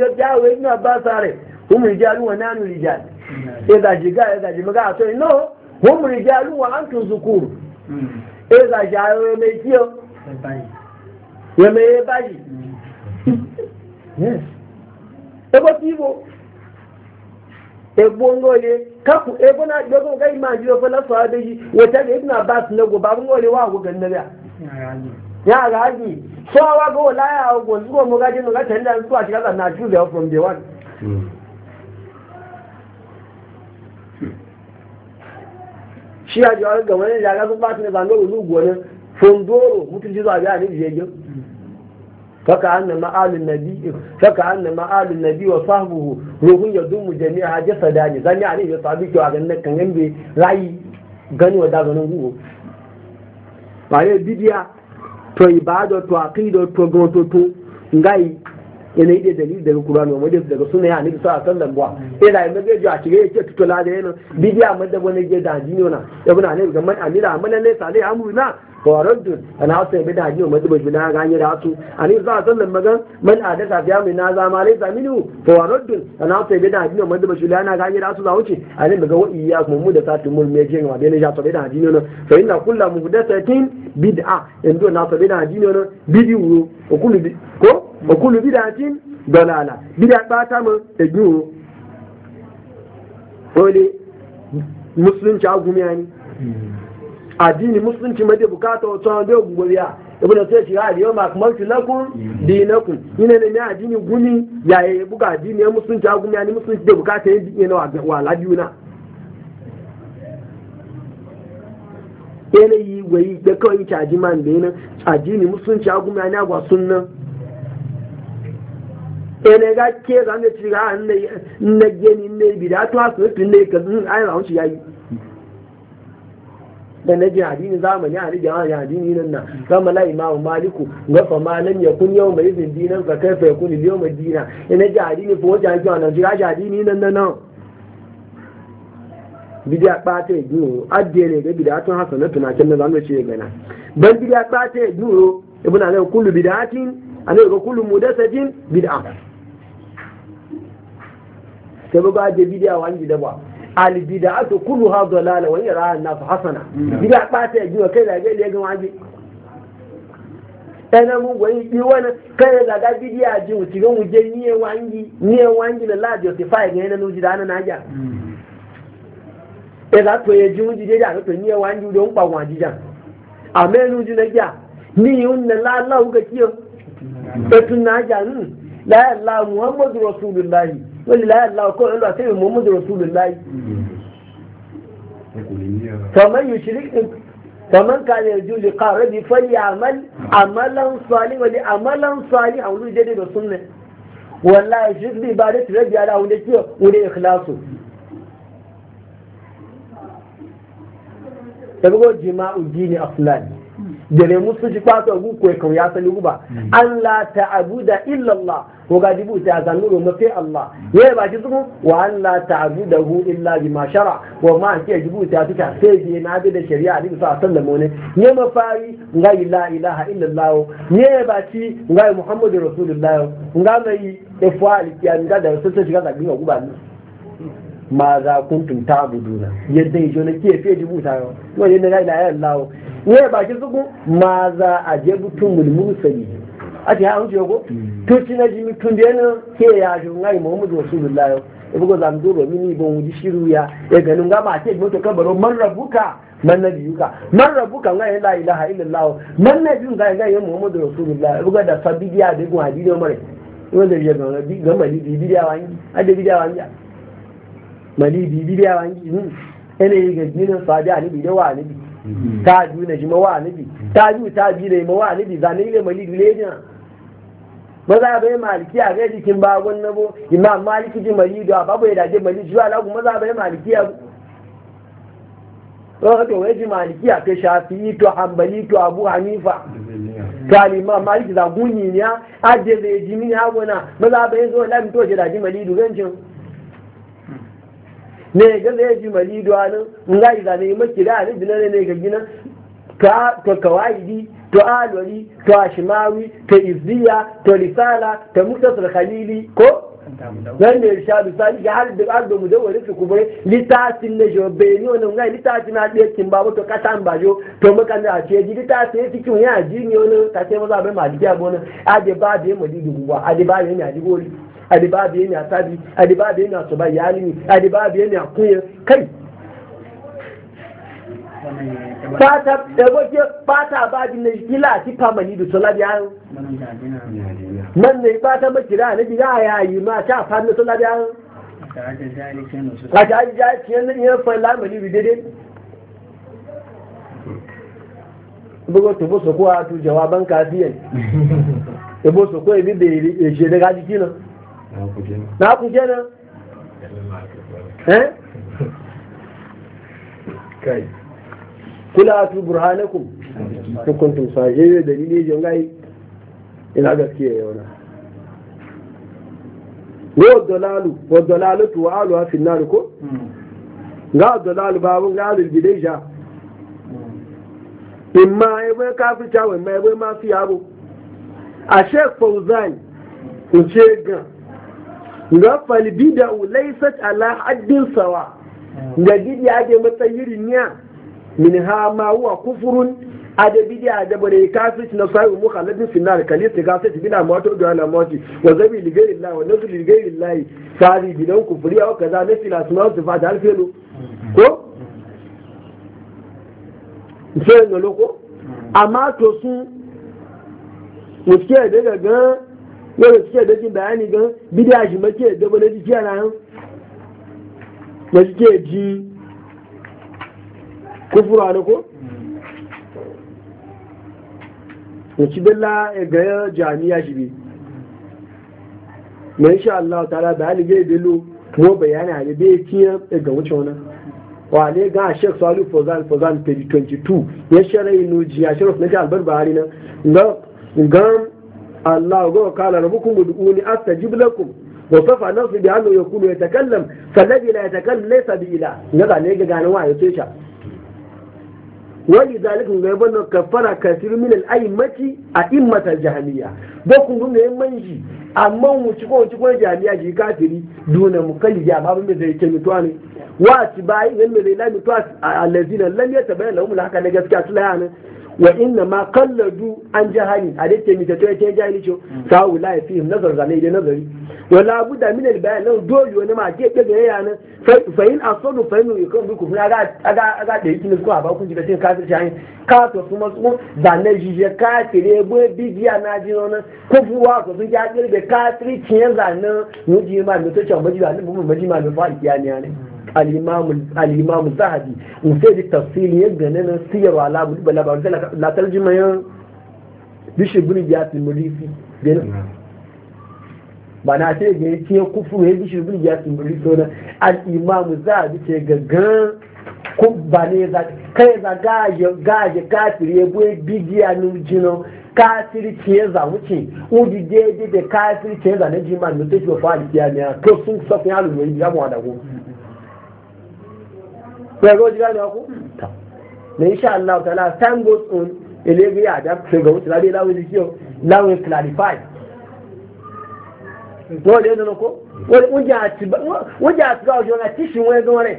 S1: bí àwọn ẹ̀ egbongole kaku ebo na dogon gai ma jiyo fa lasu adeji wata da ibn abbas na go babun gole wa go ganna ya ya gaji so wa go la ya go zuwa mu gaji mu ga tanda su a shiga na choose you from the one shi a jiyo ga wani da ga su ba su ne go ne fondoro ni فكأن مآل النبي فكأن مآل النبي وصحبه روح يضم جميع جسدان زني عليه يصابي كي أغنى كان ينبي رأي غني ودا غنغو وعليه بيديا تو إبادة تو عقيدة تو غنطو تو ngai yana yi dalili daga Qur'ani amma dai daga sunna ya ne sa sallan buwa eh da na a cike da yana bidiya madda wani da na ibn Ali ga man waraddu ana hausa ya da hajji wa mazuba juna ga hanyar hatu ani za a sallan magan man a dasa fiya mai na zama lai zaminu to waraddu ana hausa ya bida hajji wa mazuba juna ga hanyar hatu za wuce ani daga wa iya kuma mu da satin mun mai jin wa na ja to bida hajji ne fa inna kullu muhdathatin bid'a inda na to bida hajji ne bid'u ko kullu ko ko kullu bid'atin dalala bid'a ba mu da giwo dole musulunci agumiya ne addini musulunci mai bukata wato an bai gugu ya ibn sai shi hali yau makmaltu lakum dinakum ina ne ne addini guni ya ya buga addini ya musulunci a gumi ne musulunci da bukata yin dinne na wa ladiyuna yanayi wai da kawai ki aji man da yana addini musulunci a gumi ya ni agwa sunna ene ga ke zan da ci ga an ne ne geni ne bidatu asu tun ne ka zun hmm, ai rawun shi yi. da na ji hadini zamani a rijin hajji hadini nan na kama la imamu maliku ga malam ya kun yau mai izin dinan ka kai fai kuni yau mai dina ina e ji hadini fa wajen ake wannan jira ji hadini nan nan nan bidiya kpata ya duro adde ne ga bidiya tun hasa na tunakin na zamu ce gana ban bidiya kpata ya duro ibn alai kullu bidatin alai ga kullu mudasatin bid'a sai ba ga bidiya wani da ba albida'atu a dalala wa yara an-nas hasana bida bata ya jiwa kai zage ne ga waje ɗana mun gwai bi wani kai da ga bidiya ji mu tiga mu je niye wangi niye wangi da la justify ga na nuji da na ja e za to ye ji mu je da to niye wangi don pa wangi ja a me nuji na ja ni yun na la la ga kiyo e to na ja hmm. la la muhammadu rasulullahi wani la Allah ko Allah sai Muhammadu Rasulullahi kamar yushrik kamar ka ne ju liqa rabbi falyamal amalan salihan wa amalan salihan wuri dai da sunna wallahi shirk bi ibadat rabbi ala wanda ke gane musu ci kwato gu ko ko ya sani guba mm. Allah ta'abuda illa Allah ko ga dibu ta zanuro mafi Allah ya ba ji zuku wa Allah ta'abuda hu illa bima shara wa ma ke dibu ta tuka sai bi na bi da shari'a din sa sallama ne ya mafari ga la ilaha illa Allah ya ba ci ga Muhammadu rasulullah ga mai ifwali ya da sai shiga da guba ma za tun ta abuduna yadda yi jona ke fiye jibu ta yau to yadda ya ila yan lawo ne su suku ma za a je butun sani a ti hawo jogo to ci na jimi tun da yana ke ya jo ngai muhammadu rasulullahi ibu ko zam duro mini bon wuji shiru ya ya ganin ga ma ce mutu kabaro man rabuka man nabiyuka man rabbuka ngai la ilaha illallah man nabiyun ga ga muhammadu rasulullahi ibu ga da sabidiya da gun hadidi mare wanda ya ga ga mali bidiya wani a da bidiya wani mali bibi da yawan gini hmm. ene yi ga na sabi anibi da wa bi? Hmm. ta ju na shi mawa anibi ta ju ta bi na mawa bi? zane ile mali dule ne maza bai maliki a ga jikin bagon na bo imam maliki ji mali da babu ya daje mali zuwa la kuma maza bai maliki a ko to wai ji maliki a Shafi shafi'i to hanbali to abu hanifa kalima maliki da gunyi ne a je zai ji mini agona maza bai zo lamin to je daje mali dugancin ne ga zai ji marido anan in ga iza ne maki da alibi na ne ga gina ta kawai kawaidi to alwali to ashimawi to izziya to risala to muktasar khalili ko zan ne irshadu sani ga har da ardo mu dawo rufe kubure litatin na jo beni wannan ga litatin na biyar kin babu to kasan bajo to muka na ce ji litatin ya cikin ya ji ne wannan ta ce maza bai maliki a ade ba da mu digi a ade ba ne ya ji gori adibabi yana tabi adibabi yana tuba yalimi adibabi yana kunya kai fata ɗagoke fata ba na gila ti famani da sola da yaro nan ne fata makira na gida ya yi ma ta fami a ta ji bi
S2: bugo ko
S1: jawaban kafiyan e ko e bi e je na ku gina eh kai kula su burhanakum ku kuntum yau da dalili je ngai ina gaskiya yau na wo dalalu wo dalalu tu alu fi nar ko ga dalalu babu ga alu bidaja imma ebe ka fi chawe mebe ma fi yabo? a shek in ce gan ga da laysat ala haddin sawa ga gidi ga matsayiri niya min ha ma huwa a da bidi ade bare kafis na sai mu khaladin finnar ta ga sai bina ma to da mawti wa zabi li gairi allah wa nasu li gairi allah sari bidan kufri aw kaza nafi la asma su fa dal felo ko sai ne loko amma to sun mutke daga gan yau da suke dakin bayani gan bidiya shi make da bane jiki a nan da suke ji kufura ne ko da shi dalla gaya jami'a shi bi mai insha Allah ta'ala bayani gai bello kuma bayani ne bai kiyan ga wuce wa ne ga Sheikh Salu Fozan Fozan 22 ya shara inu ji ya shara sunan albar Bahari nan ga Allah go kala ربكم ud'uni astajib لكم وصفى نفسه nafsi يكون يتكلم فالذي لا يتكلم ليس بإله laysa bi ila ngaza ne ga ganin waye to sha wani zalikun ga yabon kafara kasiru min a immatar jahiliya dokun kun ga yamman shi amma mu ci ko ci ko jahiliya kafiri duna mu kalli ya babu mai zai kemi mutuwa ne wa ci bai yan zai allazina lam yatabayyana lahum gaskiya su yana. wa inna ma kalladu an jahali a dai mi tato ta jahili cho fa wala fi nazar zane da nazari wala budda min al bayan nan dole wani ma ke ke yaya nan fa in asadu fa in yakum bi kufra ga ga ga da yake ko ba kun ji da tin kafir shi ka to su masu zane jije kafire bo bibiya na ji nan ko fuwa ko sun ja kirbe kafiri cin zane mu ji ma mu to cha mu ji ma mu ji ma mu fa kiyani ne al'imamu zahabi in sai ji tafsirin yadda na nan siyarwa alamu duba labarin sai latar jimayen bishin bin ya fi murifi benin mm. ba na ce ga yake ya kufu ya bishin bin ya fi murifi wani al'imamu zahabi ce gaggan ko ba ne kai za gaje kafiri ya buwe bidiya nujinan kafiri ce ya zamu ce ubi daidai da kafiri ce ya zane jima da mutu ke fa'alki ya ne ko sun safi halin wani ya mu hada gobe ya ga wajen gane ku na insha Allah ta'ala time goes on elebe ya da ga wuce labe lawe da kiyo lawe clarify wọ́n lè nínú kó wọ́n wuce àtìgbà òjò rẹ̀ tí ṣùgbọ́n ẹgbẹ́ rẹ̀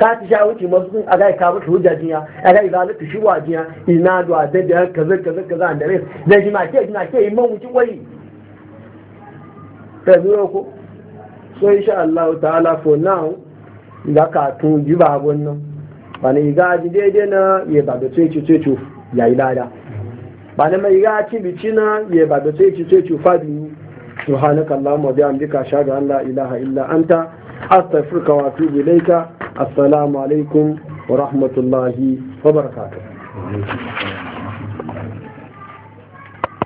S1: káàtì ṣe àwọn ìtìmọ̀ fún aláìka rúkì ó jàjìyàn aláìka rúkì ṣíwọ̀ àjìyàn iná àdó àdẹ́bẹ̀ kẹfẹ́ kẹfẹ́ kẹfẹ́ àndẹ̀rẹ̀ lẹ́yìn máa kí ẹ̀jìn máa kí ẹ̀yìn mọ́wùn tí wọ́yìn pẹ̀lú ọkọ̀ so insha Allah ta'ala for now ga tun ji ba nan. ba ne ga ji daidai na ya ba da tsoci tsoci ya yi lada ba ne mai ga ci bici na ya ba da tsoci tsoci fadi subhanaka allahumma bihamdika ashhadu an la ilaha illa anta astaghfiruka wa atubu ilayka assalamu alaikum wa rahmatullahi wa
S3: barakatuh